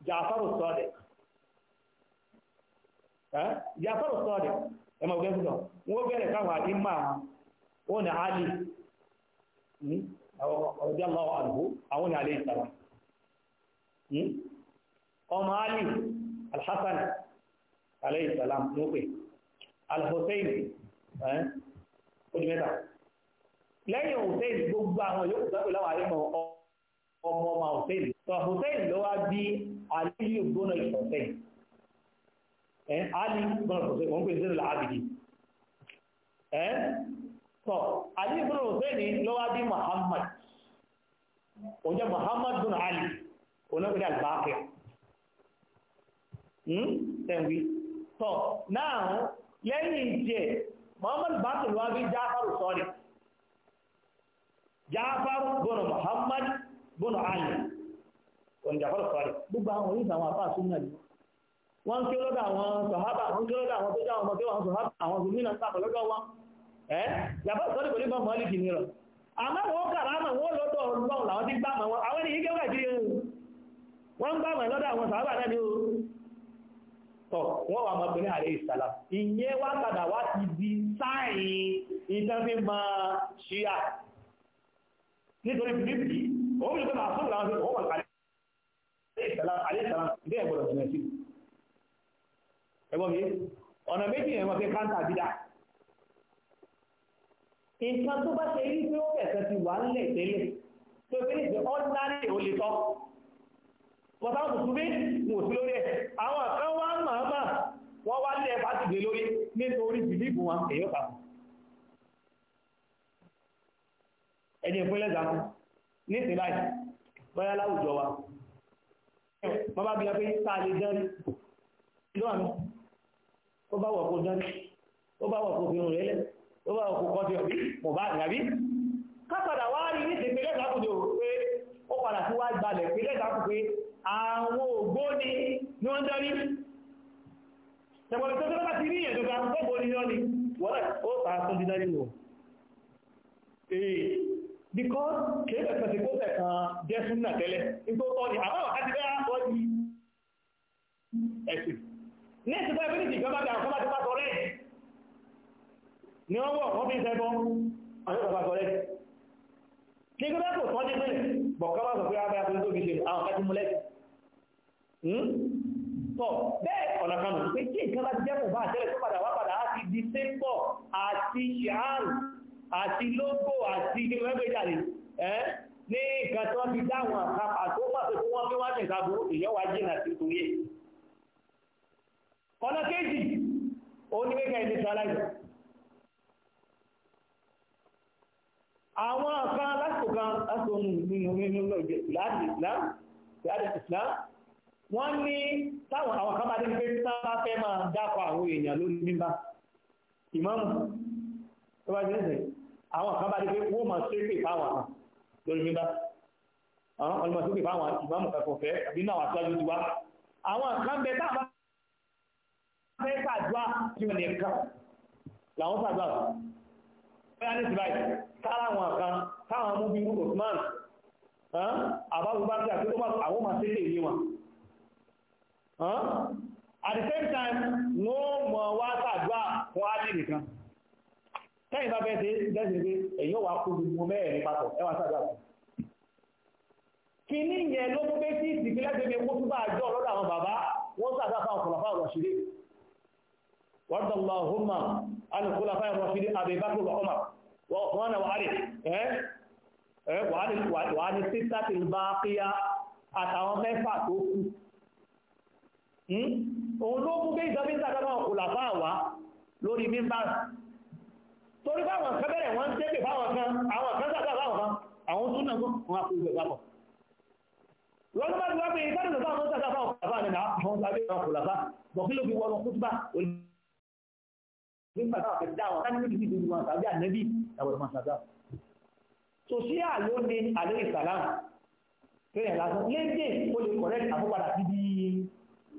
jàfàrù sọ́ọ̀dẹ̀ jàfàrù sọ́ọ̀dẹ̀ ẹmọ ọgbẹ́ fúnlọ wọ́n bẹ̀rẹ̀ káwọn àdínmà wọn ni alì ọ̀dẹ́lọ́wọ́ àdúgbò àwọn ni alẹ́ ìsàlámù ọmọ alì alhassan alẹ́ ìsàlámù wọ́n alhussein odi mẹ́ta lẹ́yìn hussein gbogbo àwọn yòókù sábẹ̀ láwọn àrímọ̀ ọmọ ọmọ hussein tó hussein ló wá bí aliyu gbóná hussein ẹ̀ ali gbóná hussein wọ́n pè ní sẹ́nu làábìdì ẹ̀ tó aliyu gbóná hussein ló wá bí muhammad òun jẹ́ muhammad bin ali onáfẹ́lẹ́ àlùbáàkẹ́ hmm? tẹ̀wé tó náà lẹ́yìn ìjẹ́ muhammad bá tẹ̀lé wá bí já jáfàrù sọ́ọ̀lì jáfàrù bọ́nà muhammad bọ́nà ali òun jáfàrù sọ́ọ̀lì gbogbo àwọn orí ìsàwọn àfáà sún náà wọ́n kí lọ́dọ̀ àwọn sọ̀hábà wọ́n kí lọ́dọ̀ àwọn tó jẹ́ àwọn ọmọdé wọn sọ̀hábà àwọn gómìnà ń sàpọ̀ lọ́dọ̀ wọn ẹ́ jáfàrù sọ́ọ̀lì kò ní bọ́ mọ́lì kì ní rọ̀ àmọ́ wọn kàrà àmọ́ wọn lọ́dọ̀ ọlọ́run làwọn ti gbà mọ́ wọn àwọn ènìyàn tọ̀ wọ́n wà mọ́ pẹ̀lú àrẹ ìsàlá ìyẹn wá padà wá ti di sáàrin ìtàn fi mọ́ ṣíà nítorí fìlípì òun lè máa fún ìlànà òun wà kàlẹ́ àrẹ ìsàlá bọ́tá mùsùlùmí mò sí lórí ẹ̀ àwọn kan wá ń máa bà wọ́n wá lé ẹ̀fà ti dé lórí nítorí bìlíìfù wọn èyí kà ẹni ìpínlẹ̀ ìgbà ní ìsìnláì bọ́yá láwùjọ wa wọ́n bá bí wọn pé tá a lè dán lọ́wọ́ àná ó bá wọ̀ kó dán ó bá wọ̀ kó fi hùn rẹ̀ ó bá òkú kọ́ sí ọ̀bí mọ̀ bá ìyàbí kápadà wá rí ní ìpínlẹ̀ ìdákùnjò pé ó padà sí wá gbalẹ̀ àwọn ògbóni ní wọ́n darí ṣẹ̀bọ̀lẹ̀ tó tọ́lá ti rí ìyẹn gbogbo àkọ́bọ̀ ní lọ́ni wọ́n ó pàá tó di darí lọ ee because kéèkà kan ti kó tẹ̀kan jẹ́ súnà tẹ́lẹ̀ nígbó tọ́ ni àbáwọ̀ láti bẹ́ àwọn di ẹ̀sìn ní ẹ̀sìn fẹ́ bíríkì kan bá bẹ àwọn bá sọ rẹ̀ ni wọ́n wọ̀ wọ́n fi ń sẹ́bọ́ àwọn bá sọ rẹ̀ kí gbọ́dọ̀ kò tọ́jú bẹ́ẹ̀ bọ̀ kọ́ bá sọ pé àwọn bá sọ pé àwọn bá ti mú lẹ́sìn Hmm? tọ̀ bẹ́ẹ̀ ọ̀nà kan pé kí nǹkan bá ti jẹ́ mọ̀ bá àtẹ́lẹ̀ tó padà wá padà á ti di sépọ̀ àti ṣàánù àti lógó àti ìrẹ́gbẹ̀jáde ẹ́ ní nǹkan tó ti dáwọn àtòpàtò tó wọ́n fi wá nìkan burú ìyọ́wà jìnà sí torí ẹ̀ ọ̀nà kéjì òun ni mẹ́kà ẹni sàlàyé àwọn wọ́n ní táwọn àwọn kan bá dé pé tán bá fẹ́ máa dákọ̀ àwọn èèyàn lórí mímbá ìmáàmù tó bá jẹ́ ìsìn àwọn kan bá dé pé wọ́n máa ṣépè fáwọn kan lórí mímbá àwọn ọlọ́mọ ṣépè fáwọn ìmáàmù kan kò fẹ́ àbí náà wà síwájú ti wá àwọn kan bẹ táwọn bá fẹ́ ṣàdúrà tí wọ́n nìkan làwọn ṣàdúrà fún bóyá ní ti báyìí kára àwọn kan káwọn mú bí Usman àbáwọ̀ bá ti àti tó bá àwọn máa ṣépè wọn at the same time wọ́n mọ̀ wá sàdúrà fún ájì nìkan tẹ́yìn bá bẹ́ẹ̀ ṣe lẹ́sìn pé ẹ̀yin wà kó gbogbo mẹ́rin papọ̀ ẹ wá sàdúrà fún kìíní yẹn ló mú bẹ́sí ìsìnkílẹ̀ gbẹ̀mẹ̀ wọ́n tún bá àjọ lọ́dọ̀ àwọn bàbá wọ́n sàdúrà fún àwọn kòlàfà ọ̀rọ̀ṣìlẹ̀ wọ́dọ̀lọ́hùnmá alùkòlàfà ọ̀rọ̀ṣìlẹ̀ àbẹ̀bákò lọ́kọ́mà wọ́n náà wàá rè ẹ́ wàá ní títà tìlbáfíà àtàwọn mẹ́fà tó kù òun ló mú pé ìjọba ìtàkàmọ́ òlàfà wá lórí mímbà torí báwọn kan bẹ̀rẹ̀ wọ́n ń tẹ́pẹ̀ báwọn kan àwọn kan sábà báwọn kan àwọn tún náà wọn àpò ìgbẹ̀ papọ̀ lọ́dún bá ti wá pé ìtàkàmọ́ báwọn sábà báwọn kàfà nínú àwọn sábà báwọn kòlàfà bọ̀kílò fi wọ́n kútùbà olè nígbà táwọn fẹ́ dá àwọn ká nínú ìdíjú ìdíjú wọn tàbí ànẹ́bí àwọn ọmọ sàdá so sí àlọ́ ní àlẹ́ ìsàlám kéèyàn lásán léde ó lè kọ̀rẹ́ àfọ́padà síbi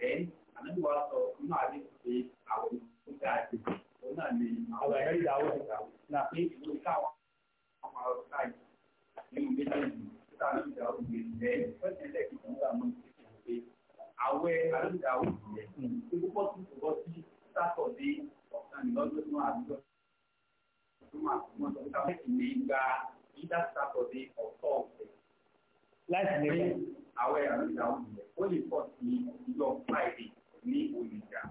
Then, ànábì wa sọ inú àdé àwọn ìlú dáa jù òun náà ni àwọn ẹ̀rí ìdáwó ìdáwó náà pé ìlú ìkáwọn àwọn àwọn ọ̀rọ̀ káyì nínú méjèèjì títà ànábì ìdáwó ìgbè ìgbẹ́ pẹ́sẹ̀ lẹ́ẹ̀kì tó ń gbà mọ́ ìgbésẹ̀ pé àwẹ̀ ànábì ìdáwó ìgbẹ́ pé púpọ̀ sí púpọ̀ sí sátọ̀dé ọ̀sán ìlọ́jọ́ tó máa gbọ́ tó máa gbọ́ tó ní gba either sátọ̀dé ọ̀tọ̀ ọ̀sẹ̀ láti lè àwẹ̀ ànábì ìdáwó ó lè pọ̀ sí ìjọ friday ní oníjà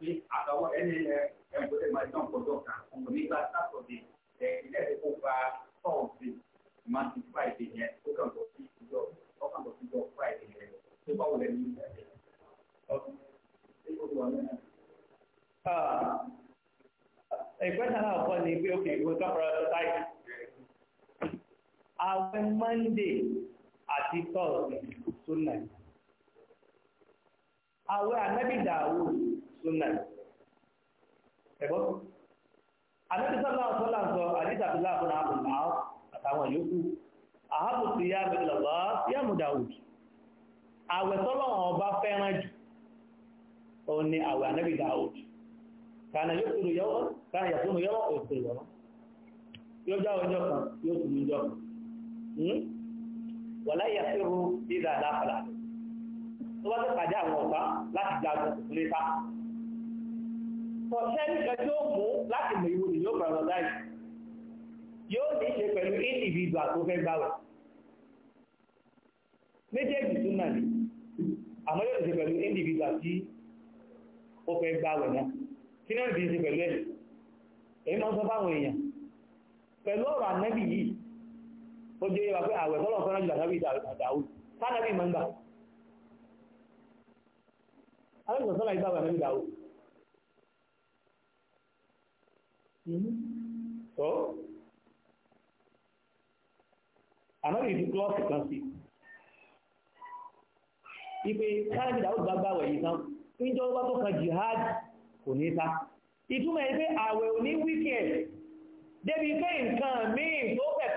pé àtàwọn ẹni ẹ̀kọ́ ẹ̀ máa dán pọ̀jọ́ kan nígbà sátọ̀dé ilé ẹ̀kọ́ gba tọ́ọ̀sì máa ti friday yẹn ó kàn lọ sí ìjọ ó kàn lọ sí ìjọ friday yẹn tó bá wọlé ní ìjọ yẹn ọdún tí náà kọ́ ni pé òkè ìwé tó fọ́ra ṣáì. Àwẹ̀ Monday àti Thursday súnà yìí àwẹ̀ ànábì dàwù ẹbọ yìí ẹ̀gbọ́n ànábì sọ́lá ọ̀sọ́lá sọ àdìsá tó láàbùn àbùn àwọn ya yòókù mu ọba fẹ́ràn jù òun awụ àwẹ̀ ànábì dàwù Kana yóò kúrò yọ́wọ́ kànà yàtúnú yọ́wọ́ òkúrò yóò kan yóò tún ní wọ̀lá ìyàfẹ́rù ìdá àdáfàlà tó bá tó pàdé àwọn ọ̀tá láti jagun òkúlé ta kọ̀ṣẹ́ nìkan tí ó mú láti mọ̀ ìwò nìyó paradise yóò ní ṣe pẹ̀lú individual tó fẹ́ gbáwẹ̀ méjèèjì tún náà ní àmọ́ yóò ṣe pẹ̀lú individual tí ó fẹ́ gbáwẹ̀ náà kí náà ti ṣe pẹ̀lú ẹ̀ èyí máa ń sọ fáwọn èèyàn pẹ̀lú ọ̀rọ̀ ànábì yìí ó jẹ́ yẹ́ wa pé àwẹ̀ tọ́lọ̀ fẹ́ràn jùlọ àtàbí ìdàwó tánàbí ma ń gbà alẹ́sọ̀ sọ́lá ìgbà wà níbi ìdàwó tó ànábì ìdí klọ́ọ̀sì kan sí ipe tánàbí ìdàwó bá gbà wẹ̀ yìí tán níjọ́ bá tó kan jihad kò ní ta ìtumọ̀ ẹ̀ pé àwẹ̀ ò ní débi pé nǹkan míì tó fẹ̀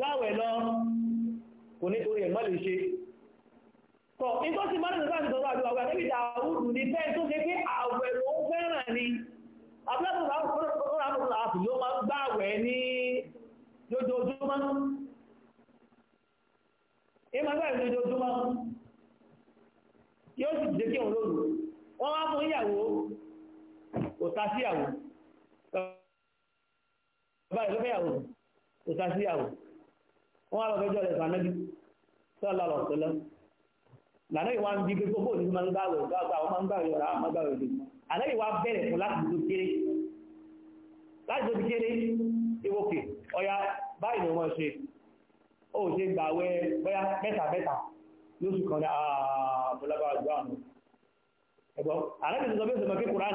jáwẹ̀ lọ kò ní torí ẹ̀mọ́ lè ṣe tọ̀ nígbọ́ sí mọ́rin nígbà tí tọ́jú àdúrà níbi ìdáwùdù ní fẹ́ tó ṣe pé àwẹ̀ ló ń fẹ́ràn ni abúlẹ́kùnrin àti ló máa ń gbàwẹ̀ ní lójoojúmọ́ ìmọ̀ bẹ́ẹ̀ lójoojúmọ́ yóò sì jẹ́ kí òun lóru wọ́n wá fún ìyàwó kò ta síyàwó báyìí ló fẹ́yàwó kò ta síyàwó wọ́n á lọ fẹjọ́ rẹ̀ sànẹ́bí sọ́lá lọ sọ́lá lànà ìwà ń bí gbogbo bóòlù ní máa ń gbàwẹ̀ gbàgbà àwọn máa ń gbàwẹ̀ ọ̀rá máa gbàwẹ̀ òde àná ìwà bẹ̀rẹ̀ fún láti tó kéré láti tó kéré ìwòkè ọya báyìí ni wọ́n ṣe ó ṣe gbàwẹ̀ bóyá mẹ́ta mẹ́ta lóṣù kan ní àbúlágbà àjọ àmọ́ ẹ̀gbọ́n àná ìṣòro bí ó ṣe mọ̀ kí kùrán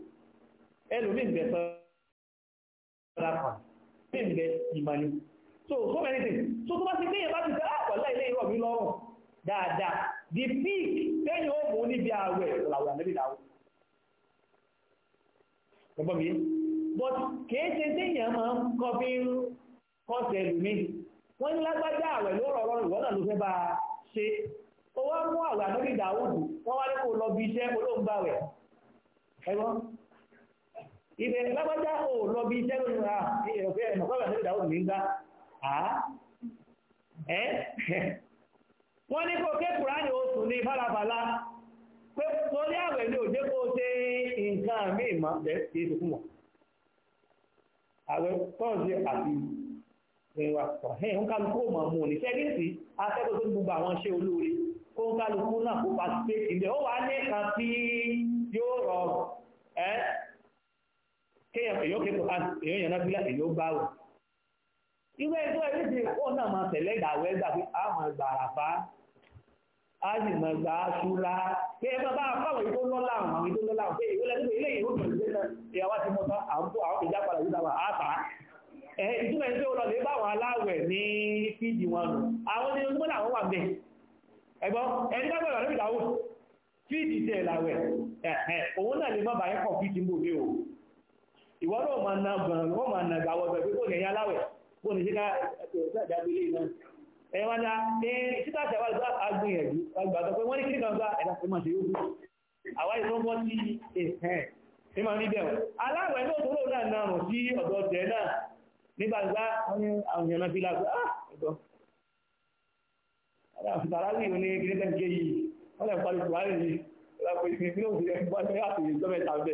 ẹlòmíì ń bẹ sọ́ra kan mí ń so so many things so tó bá ti gbéyàn bá ti sẹ́ àpọ̀lá ilé ìrọ̀ mi lọ́rùn dáadáa the peak lẹ́yìn ó mú níbi ààwẹ̀ làwọn àlẹ́bí làwọn ẹgbọ́n mi but kìí ṣe téèyàn máa ń kọ́ fi ń kọ́sẹ̀ ẹlòmíì wọ́n ní lágbájá ààwẹ̀ ló rọrọ ìwọ náà ló fẹ́ bá a ṣe ó wá mú ààwẹ̀ àlẹ́bí làwọn wọ́n wá ní kó lọ bí iṣẹ́ olóńgbàwẹ̀ ẹgbọ́n ìbẹ̀rẹ̀ lágbájá ò lọ bí iṣẹ́ lónìí ra ìrọ̀fẹ́ ẹ̀mọ̀kọ́bà sí ìdáwò ní gbá ẹ́ wọ́n ní kò kékùrá ní oṣù ní fàlàfàlà pé torí àwẹ̀ ní òjé kó ṣe nǹkan mí ìmọ̀ bẹ́ẹ̀ sí ètò fún wọn àwẹ̀ tọ́ọ̀sì àti ìwà ọ̀hẹ́ ń kálukú ò mọ̀ mú ní sẹ́gẹ́sì akẹ́kọ̀ọ́ tó gbogbo àwọn ṣe olóore kó ń kálukú náà kó pàṣípé ìbẹ̀ ó wà ní kan tí yóò rọrùn kéèyàn èyàn kéèkò án èyàn yànnà bílá èyàn bá wọ̀ irú ẹjọ́ ẹ̀rí ti ó náà máa tẹ̀lé ìdàwọ́ ẹgbà pé a máa gbà àràfá a sì máa gbà ṣúra pé ẹ máa bá fáwọn ìdó lọ́la àwọn àwọn ìdó lọ́la pé ìwé ilé ìwé náà ìyá wa ti mọ àwọn tó àwọn ìjà padà dáwà ẹ ẹni ó lọ lè bá àwọn aláwẹ̀ ní fídì wọn àwọn wà bẹ́ẹ̀ ìwọ náà máa na gbọ̀n wọ́n máa na gbàwọ̀ bẹ̀ pé kò ní ẹ̀yà aláwẹ̀ kò ní síká ìdájúlé náà ẹ̀yìn wá dá ní títà tẹ̀wá lọ́dọ̀ agbìyànjú agbàgbọ́ pé wọ́n ní kíríkan gba ẹ̀dá fún màṣẹ yóò àwa ìlú ń bọ́ sí ẹ̀hẹ́n ní máa níbẹ̀ aláwẹ̀ náà tó lóun náà náà rùn sí ọ̀dọ̀ tẹ̀ náà nígbà gbá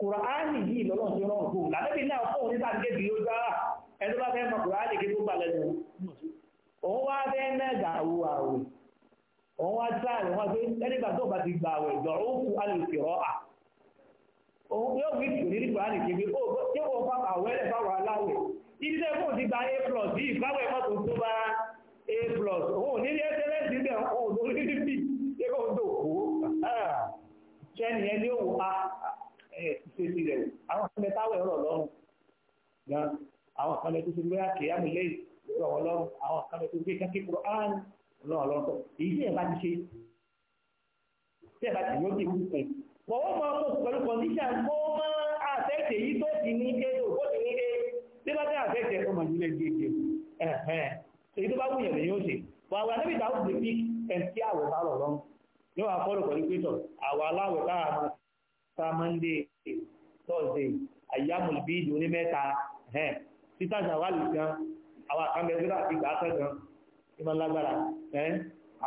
kùránì yìí lọ́lọ́ tí ọlọ́run fún náà fún òní sáà débi ó dára ẹni bá fẹ́ mọ kùránì kí tó gbà lẹ́nu òun wá fẹ́ mẹ́gà wo àwẹ̀ òun wá tó bá ti gbà àwẹ̀ ó kú ọ́ à òun yóò fi ní kùránì ó tí ó fa àwẹ̀ fáwọn aláwẹ̀ ibi fún ti gba a plus yìí ìṣesí rẹ̀ wò àwọn kan lẹ táwẹ̀ rọ̀ lọ́rùn gan àwọn kan lẹ tó ṣe lóyà kìyàmù lẹ́yìn rọ̀ wọ́n lọ́rùn àwọn kan lẹ tó ṣe kékeré kúrò án lọ́rùn lọ́rùn tó èyí tí ẹ̀ bá ti ṣe tí ẹ̀ bá ti yóò ti wú pé wọ́n wọ́n máa mú pẹ̀lú kọ̀ndíṣà kó máa àtẹ̀tẹ̀ yìí tó ti ní ké tó ti ní ké tí bá tẹ́ àtẹ̀tẹ̀ ọmọ ìlú gègé ẹ̀hẹ́n èyí tó bá wùyàn lè yóò ṣe wà wà níbi ìdáhùn ti fi ẹ̀ǹtí àwẹ̀ bá rọ̀ lọ́rùn yóò wà fọ́lù pẹ̀lú pé tọ̀ aláwẹ̀ káà sàmọ́ndé tọ́sdé àyàmùl bíìdì oní mẹ́ta ẹ̀ títà awa gan àwọn àkànbẹ̀sílà ti gbà ákẹ́ gan ní máa lágbára ẹ̀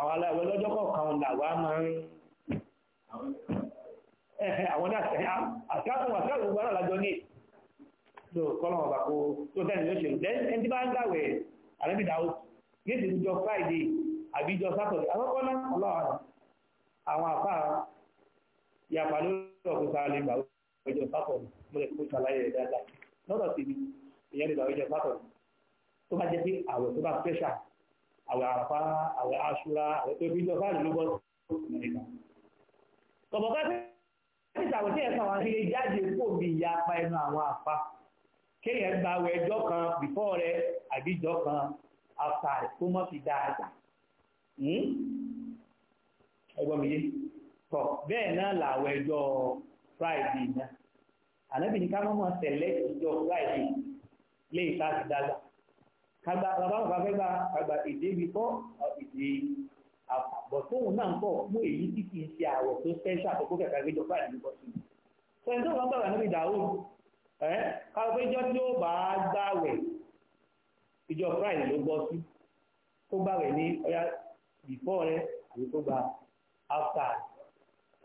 wa aláwọ̀ eh eh awon máa ń àwọn àṣàkùn àṣàkùn gbọ́nà lájọ ní tó kọ́lọ̀ ọ̀bà kó tó tẹ́lẹ̀ ló ṣe lẹ́yìn ẹni tí bá ń gbàwẹ̀ àrẹ́bìdà ó ní ti jọ Friday sọ́ọ̀kú sáà lè gbàwé ọjọ́ sátọ̀ mo lè kó ṣàlàyé rẹ̀ dáadáa lọ́dọ̀ sí ni ìyẹn lè gbàwé ọjọ́ sátọ̀ tó bá jẹ́ pé àwẹ̀ tó bá special àwẹ̀ àràfá àwẹ̀ àṣúra àwẹ̀ tó fi jọ fáàlì ló bọ́ nàìjíríà kọ̀bọ̀ ká sí ìtàwẹ̀ tí ẹ̀sán àwọn ilé jáde kó bí ìyá apá ẹnu àwọn àpá kéèyàn gba àwẹ̀ ẹjọ́ kan bìfọ́ rẹ̀ àbí ìjọ kan after rẹ̀ kó mọ́ fi dáadáa hmm? ẹgbọ́n mi yé tọ̀ bẹ́ẹ̀ náà làwọn ẹjọ́ friday náà ànábì ní ká mọ́ mọ́ tẹ̀lé ìjọ friday lè ta ti dàgbà kagbà bàbá bàbá fẹ́ gba kagbà èdè bíi fọ́ èdè àbọ̀ tóun náà ń pọ̀ mú èyí tí kì í ṣe àwọ̀ tó special àkókò kẹ̀kẹ́ gbẹjọ friday ní bọ́sùn sọ̀rọ̀ tó wọ́n bàbá ànábì dàwó ẹ̀ káwọn péjọ tí ó bá gbàwẹ̀ ìjọ friday ló gbọ́ sí tó gbàwẹ̀ ní ọ̀yà before rẹ̀ àbí tó gba after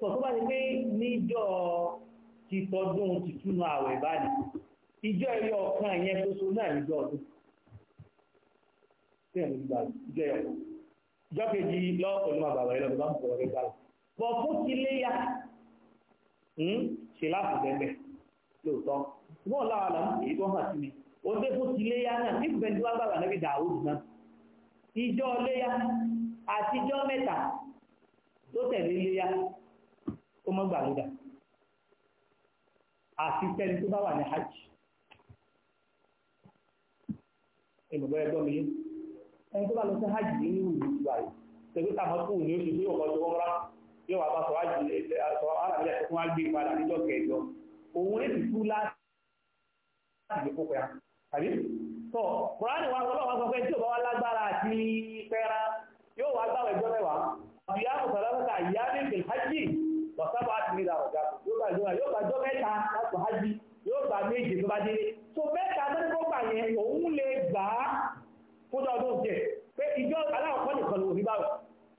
sọ tó bá ti pé níjọ́ ti tọdún ti àwẹ̀ báyìí ìjọ ẹ̀yọ ọ̀kan ìyẹn tó so náà níjọ́ ọdún kejì pẹ̀lú bá ń gbà bọ̀ fún ti léyà hmm, ṣe láti bẹ̀bẹ̀ lóòótọ́ hàn sí mi fún ti léyà náà ní ìbẹ̀ndì wá gbàgbà náà ìjọ léyà àtijọ́ mẹ́ta tó tẹ̀lé léyà ó mọ́ gbàlódà àti tẹ́ni tó bá wà ní hajj ìmọ̀gbọ́n ẹgbọ́n mi ẹni tó bá lọ sí hajj ní ìlú ìjọba rẹ̀ tẹ̀gbẹ́ tàbí kù ní oṣù tí yóò kọ́ tó wọ́n rá yóò wà bá sọ hajj sọ arábíyà tó fún wa gbé e padà níjọ́ kẹjọ òun lè ti tú láti kó pẹ́ra tàbí tọ́ kùránì wa sọ́lọ́wọ́ sọ pé tí ò bá wá lágbára àti pẹ́ra yóò wá gbàwẹ̀ jọ mẹ́wàá àbíyá mùsàlámùsà ìyá wàsábà àti nílà ọ̀gá yóò gbà ìjọba yóò gbà jọ mẹ́ta láti hajj yóò gbà méje tó bá dé tó mẹ́ta lórí gbọ́gbà yẹn òun lè gbà á fúnjọ ọdún jẹ pé ìjọ aláwọ̀kọ́ nìkan ló ní báwọ̀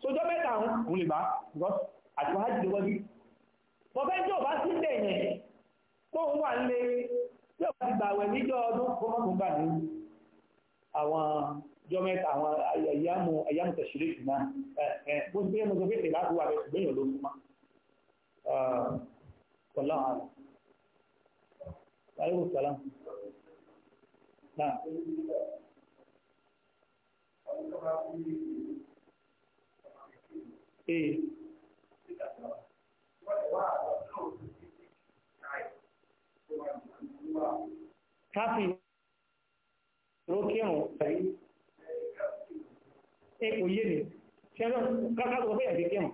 sojọ́ mẹ́ta òun lè gbà á àti hajj ló wọ́jú bọ́fẹ́ tí ò bá sí bẹ̀ yẹn tó ń wà lé tí ò bá ti gbà wẹ̀ níjọ ọdún kó mọ́ tó gbà ní àwọn jọ mẹ́ta àwọn ẹ̀yàmù ẹ̀yàmù tẹ̀sílẹ̀ ìgbà bó ti gbé ẹnu sọ pé èlà tó wà bẹ̀ ṣùgbọ́n èèyàn ló fún wa والله أعلم عليه السلام نعم ايه káfí rókèrún ẹ̀yí ẹ̀kò yé ni ṣẹ́lọ́ kákàtọ̀ fẹ́ ẹ̀kẹ́kẹ́rùn-ún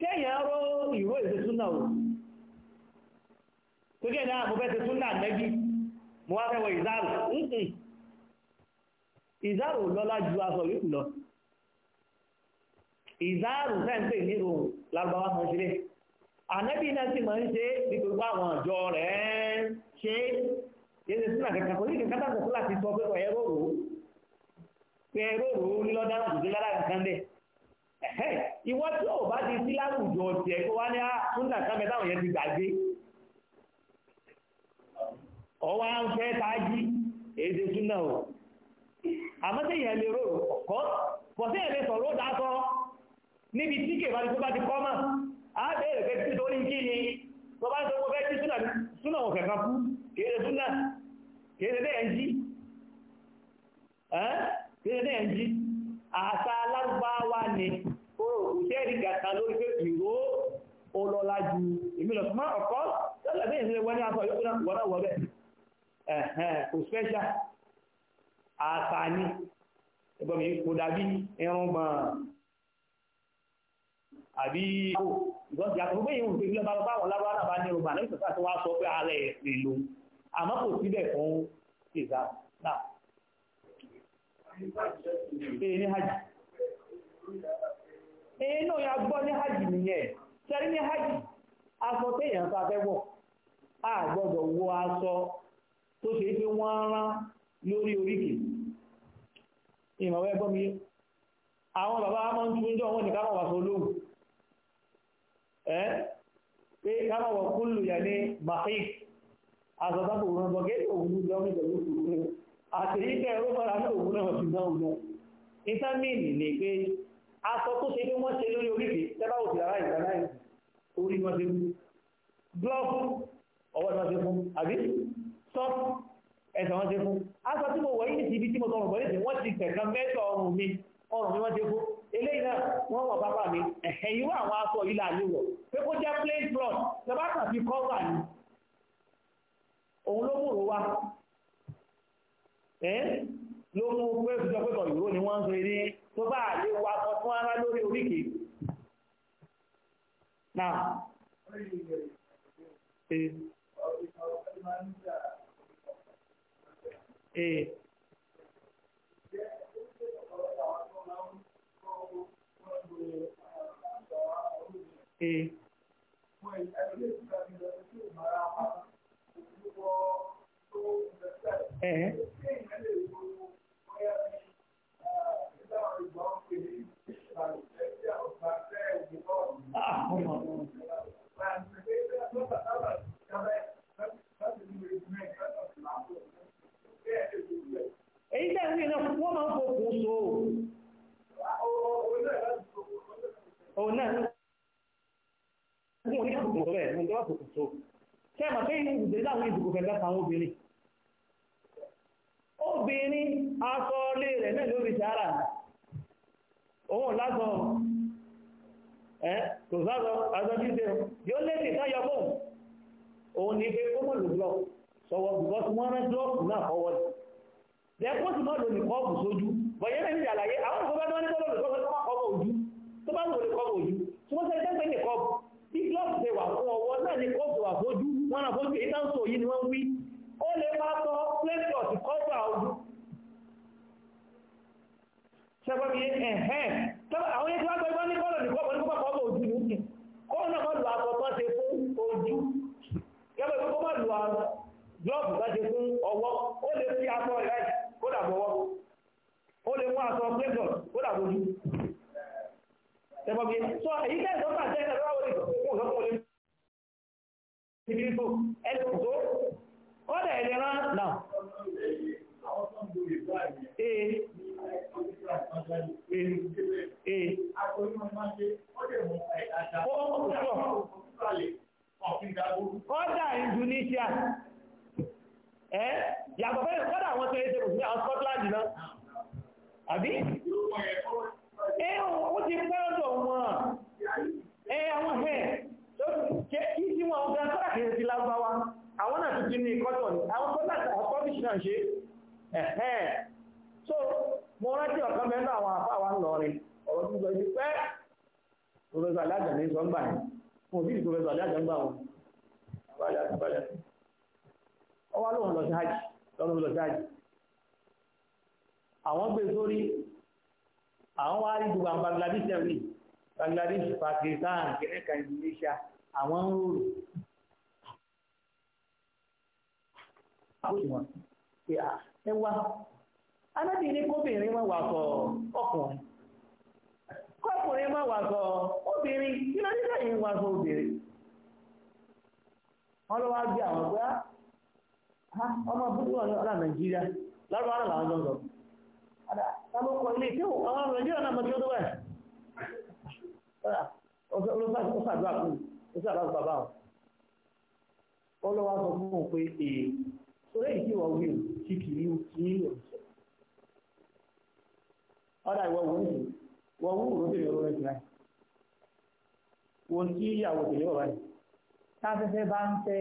kéèyàn ró ìró ìṣe súnà o tó kéèyàn náà mo fẹ́ ṣe súnà nẹ́bí mo wá fẹ́ wọ ìzáàrù nǹkan ìzáàrù lọ́lá ju aṣọ yìí lọ ìzáàrù fẹ́ǹpẹ̀ nílò lárúbáwá kan ṣeré ànẹ́bí náà sì máa ń ṣe nítorí pé àwọn àjọ rẹ̀ ṣe yéé súnà kankan kò ní kankan tàbí súnà ti sọ pé ẹ̀rọ rò pé ẹ̀rọ rò ní lọ́dá kò sí lára kankan bẹ́ẹ̀ ìwọ tí ò bá ti sí láwùjọ ọ̀tẹ̀ kó wá ní àtúndà ah, sábẹ́ táwọn yẹn ti gbàgbé ọwá ń fẹ́ tàájí èdè súnà ò àmọ́tẹ́ ìyẹn lè rò ọ̀kọ́ pọ̀sẹ́ ẹ̀lẹ́ sọ̀rọ̀ dákọ́ níbi tí kèbà ní tó bá ti kọ́ mọ̀ á bẹ̀rẹ̀ fẹ́ tí torí kí ni tó bá tó fẹ́ tí súnà ò kẹ̀kọ́ fún kéde súnà kéde dẹ́ẹ̀ ń jí àṣà alárúbáwá ni ó kò jẹ́ ìrìgàta lórí pé ìró ó lọ́lá ju èmi lọ ṣùgbọ́n ọ̀kọ́ lọ́lá bí ìṣẹ̀lẹ̀ wọ́n ní aṣọ yóò náà wọ́n náà wọ́ bẹ́ẹ̀ kò special àṣà ni ẹgbọ́n mi kò dàbí irun gbọ̀n àbí ìgbọ́n ti àtọ́gbọ́n yìí ń gbé lọ́ba lọ́ba àwọn lábára náà bá ní irun gbọ̀n àlẹ́ ìṣẹ̀lẹ̀ àti sọ pé ààrẹ ìlú àmọ́ síbẹ̀ fún ìgbà náà èyí eh, ní hajj eh, náà ya gbọ́ ní hajj nìyẹn sẹ́rí ní Afọ aṣọ téèyàn ta fẹ́ wọ̀ a gbọ́dọ̀ wọ aṣọ tó ṣe é pé wọ́n rán lórí oríkì ìmọ̀ wẹ́ mi àwọn bàbá wa ń tún jọ ní káwọn wàṣọ olóhùn ẹ́ pé kúlù àtìríkẹ́ ẹ̀rọ fara ní òun náà fi náà lọ ìtàmìnì ní pé aṣọ tó ṣe pé wọ́n ṣe lórí oríkì tẹ́bá òsì ara ìgbà láì orí wọn ṣe fún glove ọwọ́ wọn ṣe fún àbí soft ẹsẹ̀ wọn ṣe fún aṣọ tí mo wọ̀ yìí ti ibi tí mo sọ ọ̀rọ̀ pẹ̀lú wọ́n ti kẹ̀kẹ́ mẹ́tọ̀ ọrùn mi ọrùn mi wọ́n ṣe fún eléyìí náà wọ́n wọ̀ pápá mi ẹ̀hẹ̀ irú àwọn aṣọ yìí láàlú wọ̀ pé kó jẹ́ plain blood tẹ́bá kàn fi cover ni òun ló múrò wa ẹ́ ló mú pé ìjọ pẹ́tọ̀ ìró ni wọ́n ń ṣe ní tó bá lè wà kan fún ara lórí oríkì náà ee ee ee ẹ̀hẹ́ ah, èyí tẹ́ ìwé náà wọ́n máa ń fòkùn so òun náà wọ́n ní àkókò rẹ̀ ní ìjọba fòkùn so kẹ́ ẹ̀ mà pé ìdílé àwọn ìdìbò fẹ́ dáta àwọn obìnrin obìnrin aṣọ ilé rẹ̀ náà lórí sára òun lásán ẹ́ kò sáàrọ̀ aṣọ́júṣe yóò lè nìkan yọpọ̀ òun ní pé ó mọ̀lù blọ́ọ̀ sọ̀wọ́ bùkọ́ tí wọ́n rán blọ́ọ̀kù náà fọwọ́ dẹ̀ kó sì mọ̀lù nìkan ọ̀bù ẹ̀hẹ́ na yẹn tí wọ́n gbọ́ ní kọ́lọ̀ ní kọ́pọ̀ ní kọ́pọ̀ ọmọ ojú ní kọ́ọ̀ náà mọ́ lu àkọ́kọ́ ṣe fún ojú yẹ́bọ̀ ìlú kọ́pọ̀ lu glọ́ọ̀bù bá ṣe fún ọwọ́ ó lè fi aṣọ rẹ̀ kó dàbọ̀wọ́ ó lè mú aṣọ pẹ́sọ̀ kó dàbọ̀jú ẹ̀bọ̀gbé sọ èyí kẹ́ẹ̀dọ́ pàṣẹ ẹ̀rọ àwọn olùkọ́ ọ̀sọ́kùn olè ti fi fò ẹ̀sùn Kọ́dà Indonesia, ẹ́ yàtọ̀ fẹ́ kọ́dà wọn tẹ́ ẹ̀ṣẹ́ òṣìṣẹ́ àwọn Scotland náà, àbí? Ẹ ó ti pẹ́ ọ̀dọ̀ wọn, ẹ àwọn ẹ̀ kí sí wọn ọ̀gá kọ́dà kìí sí lágbáwá, àwọn náà tuntun ní kọ́tọ̀ ní, àwọn kọ́dà mo rántí ọ̀kan mẹ́nu àwọn àfa wa ń lọ rìn ọ̀rọ̀ tó ibi pẹ́ pòfẹ́sọ̀ alájà ní sọ ń gbà yẹn mo sì ní alájà ń gbà wọn lọ sí hajj lọ́nà lọ àwọn gbé e sórí àwọn wá rí gbogbo àwọn anábì ní kóbìnrin máa wàsọ ọkùnrin kọkùnrin máa wàsọ obìnrin kí nígbà yìí wàsọ obìnrin wọ́n ló wá gbé àwọn gbá ah, ọmọ fúnbọ̀ ní ọ̀la nàìjíríà lọ́rọ̀ ara làwọn jọ̀ǹgọ̀ tábọ̀kọ ilé tí àwọn ọmọ nàìjíríà náà tí ó tó fún fún bàbá lọ wá sọ fún òun pé èè ọ̀dà ìwọ wò nìyí wọ́n wú òrò tèmi òrò ìsìn náà wọ́n tí ìyàwó tèmi ọ̀rọ̀ rẹ̀ táfẹ́fẹ́ bá ń fẹ́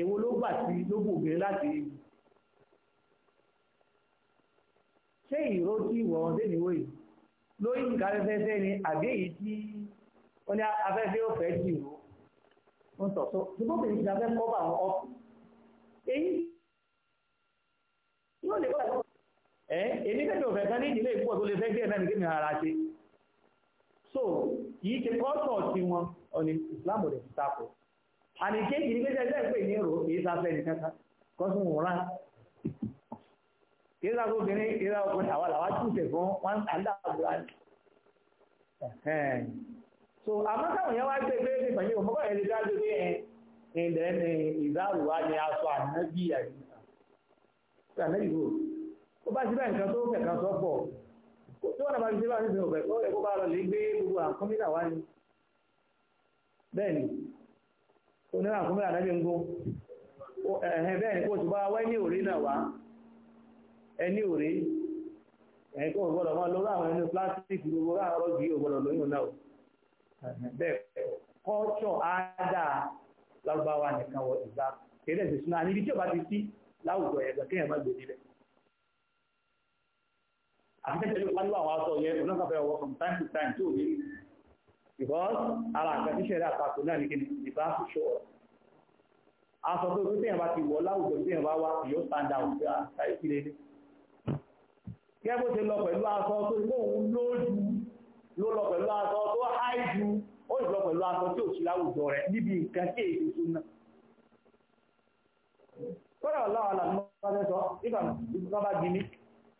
èwo ló gbà sí ló gbògbé láti rí ṣé ìró tí ìwọ̀n tèmi wò yìí lóyún nǹkan afẹ́fẹ́ ni àbí èyí tí wọ́n ní afẹ́fẹ́ ó fẹ́ jì ró ń tọ̀ tó ṣùgbọ́n tèmi ti afẹ́ kọ́ bá àwọn ọ̀pọ̀ èyí yóò lè wà lọ́wọ́ èmi tẹ́lẹ̀ òfẹ́ kan ní ìdílé ìpọ̀ tó lè fẹ́ díẹ̀ náà nìkémi ara ṣe so kìí ṣe kọ́tọ̀ sí wọn ọ̀nà Islam rẹ̀ ti tapọ̀ àní kéèkì ní pẹ́sẹ́ ẹgbẹ́ ìpè ní èrò kìí sáfẹ́ nìkan kan kọ́sùn wòran kìí sáfẹ́ obìnrin kìí sáfẹ́ ọkùnrin àwa làwa tún tẹ̀ fún wọn àdá àbúrà so àmọ́ táwọn yẹn wá gbé pé ní ìpàdé òmùkọ́ yẹn lè dá lórí ẹ̀ ẹ̀ ìdáàrúwá ni aṣọ ànábì àti ànábì wò ó bá ti bá nǹkan tó fẹ̀kan sọ pọ̀ tí wọ́n náà bá ti bá níbi ọ̀bẹ̀ ó ẹ̀kọ́ bá lọ lè gbé gbogbo àkúnmílà wá ní bẹ́ẹ̀ ni àkúnmílà ẹ̀hẹ́ bẹ́ẹ̀ ni bá wá ní òrí náà wá ẹni òrí ẹ̀yìn gbọ́dọ̀ máa àwọn ẹni plastic gbogbo jù yóò gbọ́dọ̀ lóyún náà bẹ́ẹ̀ kọ́ọ̀tọ̀ ádá nìkan wọ ìgbà kéde ìsúná níbi tí ò bá ti àtẹ́tẹ̀lú pálú àwọn aṣọ yẹn tó náà fẹ́ from time to time tó ní because ara àgbàtíṣẹ́ rẹ̀ àpapọ̀ náà ní kí ni bá fi ṣọ́ aṣọ tó tó tẹ́yàn bá ti wọ̀ láwùjọ tẹ́yàn bá wá yóò stand out sí àṣàyè kí lélẹ̀ gẹ́gẹ́ bó ṣe lọ pẹ̀lú aṣọ tó lóun ló ju ló lọ pẹ̀lú aṣọ tó háì ju ó sì lọ pẹ̀lú aṣọ tí ò sí láwùjọ rẹ̀ níbi nǹkan tí èyí sọ nígbà tó bá di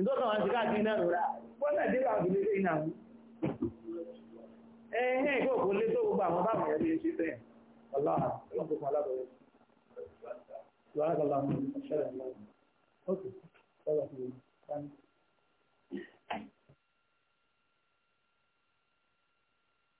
ìtọ́kàn wọn ti káàkiri náà rọra bọ́ọ̀nà dé bá àbúlé lé ìnáwó ẹ̀hìn ìgbò kò lé tó gbogbo àwọn báwọn ẹ̀rí ṣe fẹ́ ọlọ́run ọlọ́run alábọ̀rẹ́ ìwà àgbàlá ọmọ ìṣẹ́lẹ̀ ọ̀kẹ́ ọlọ́run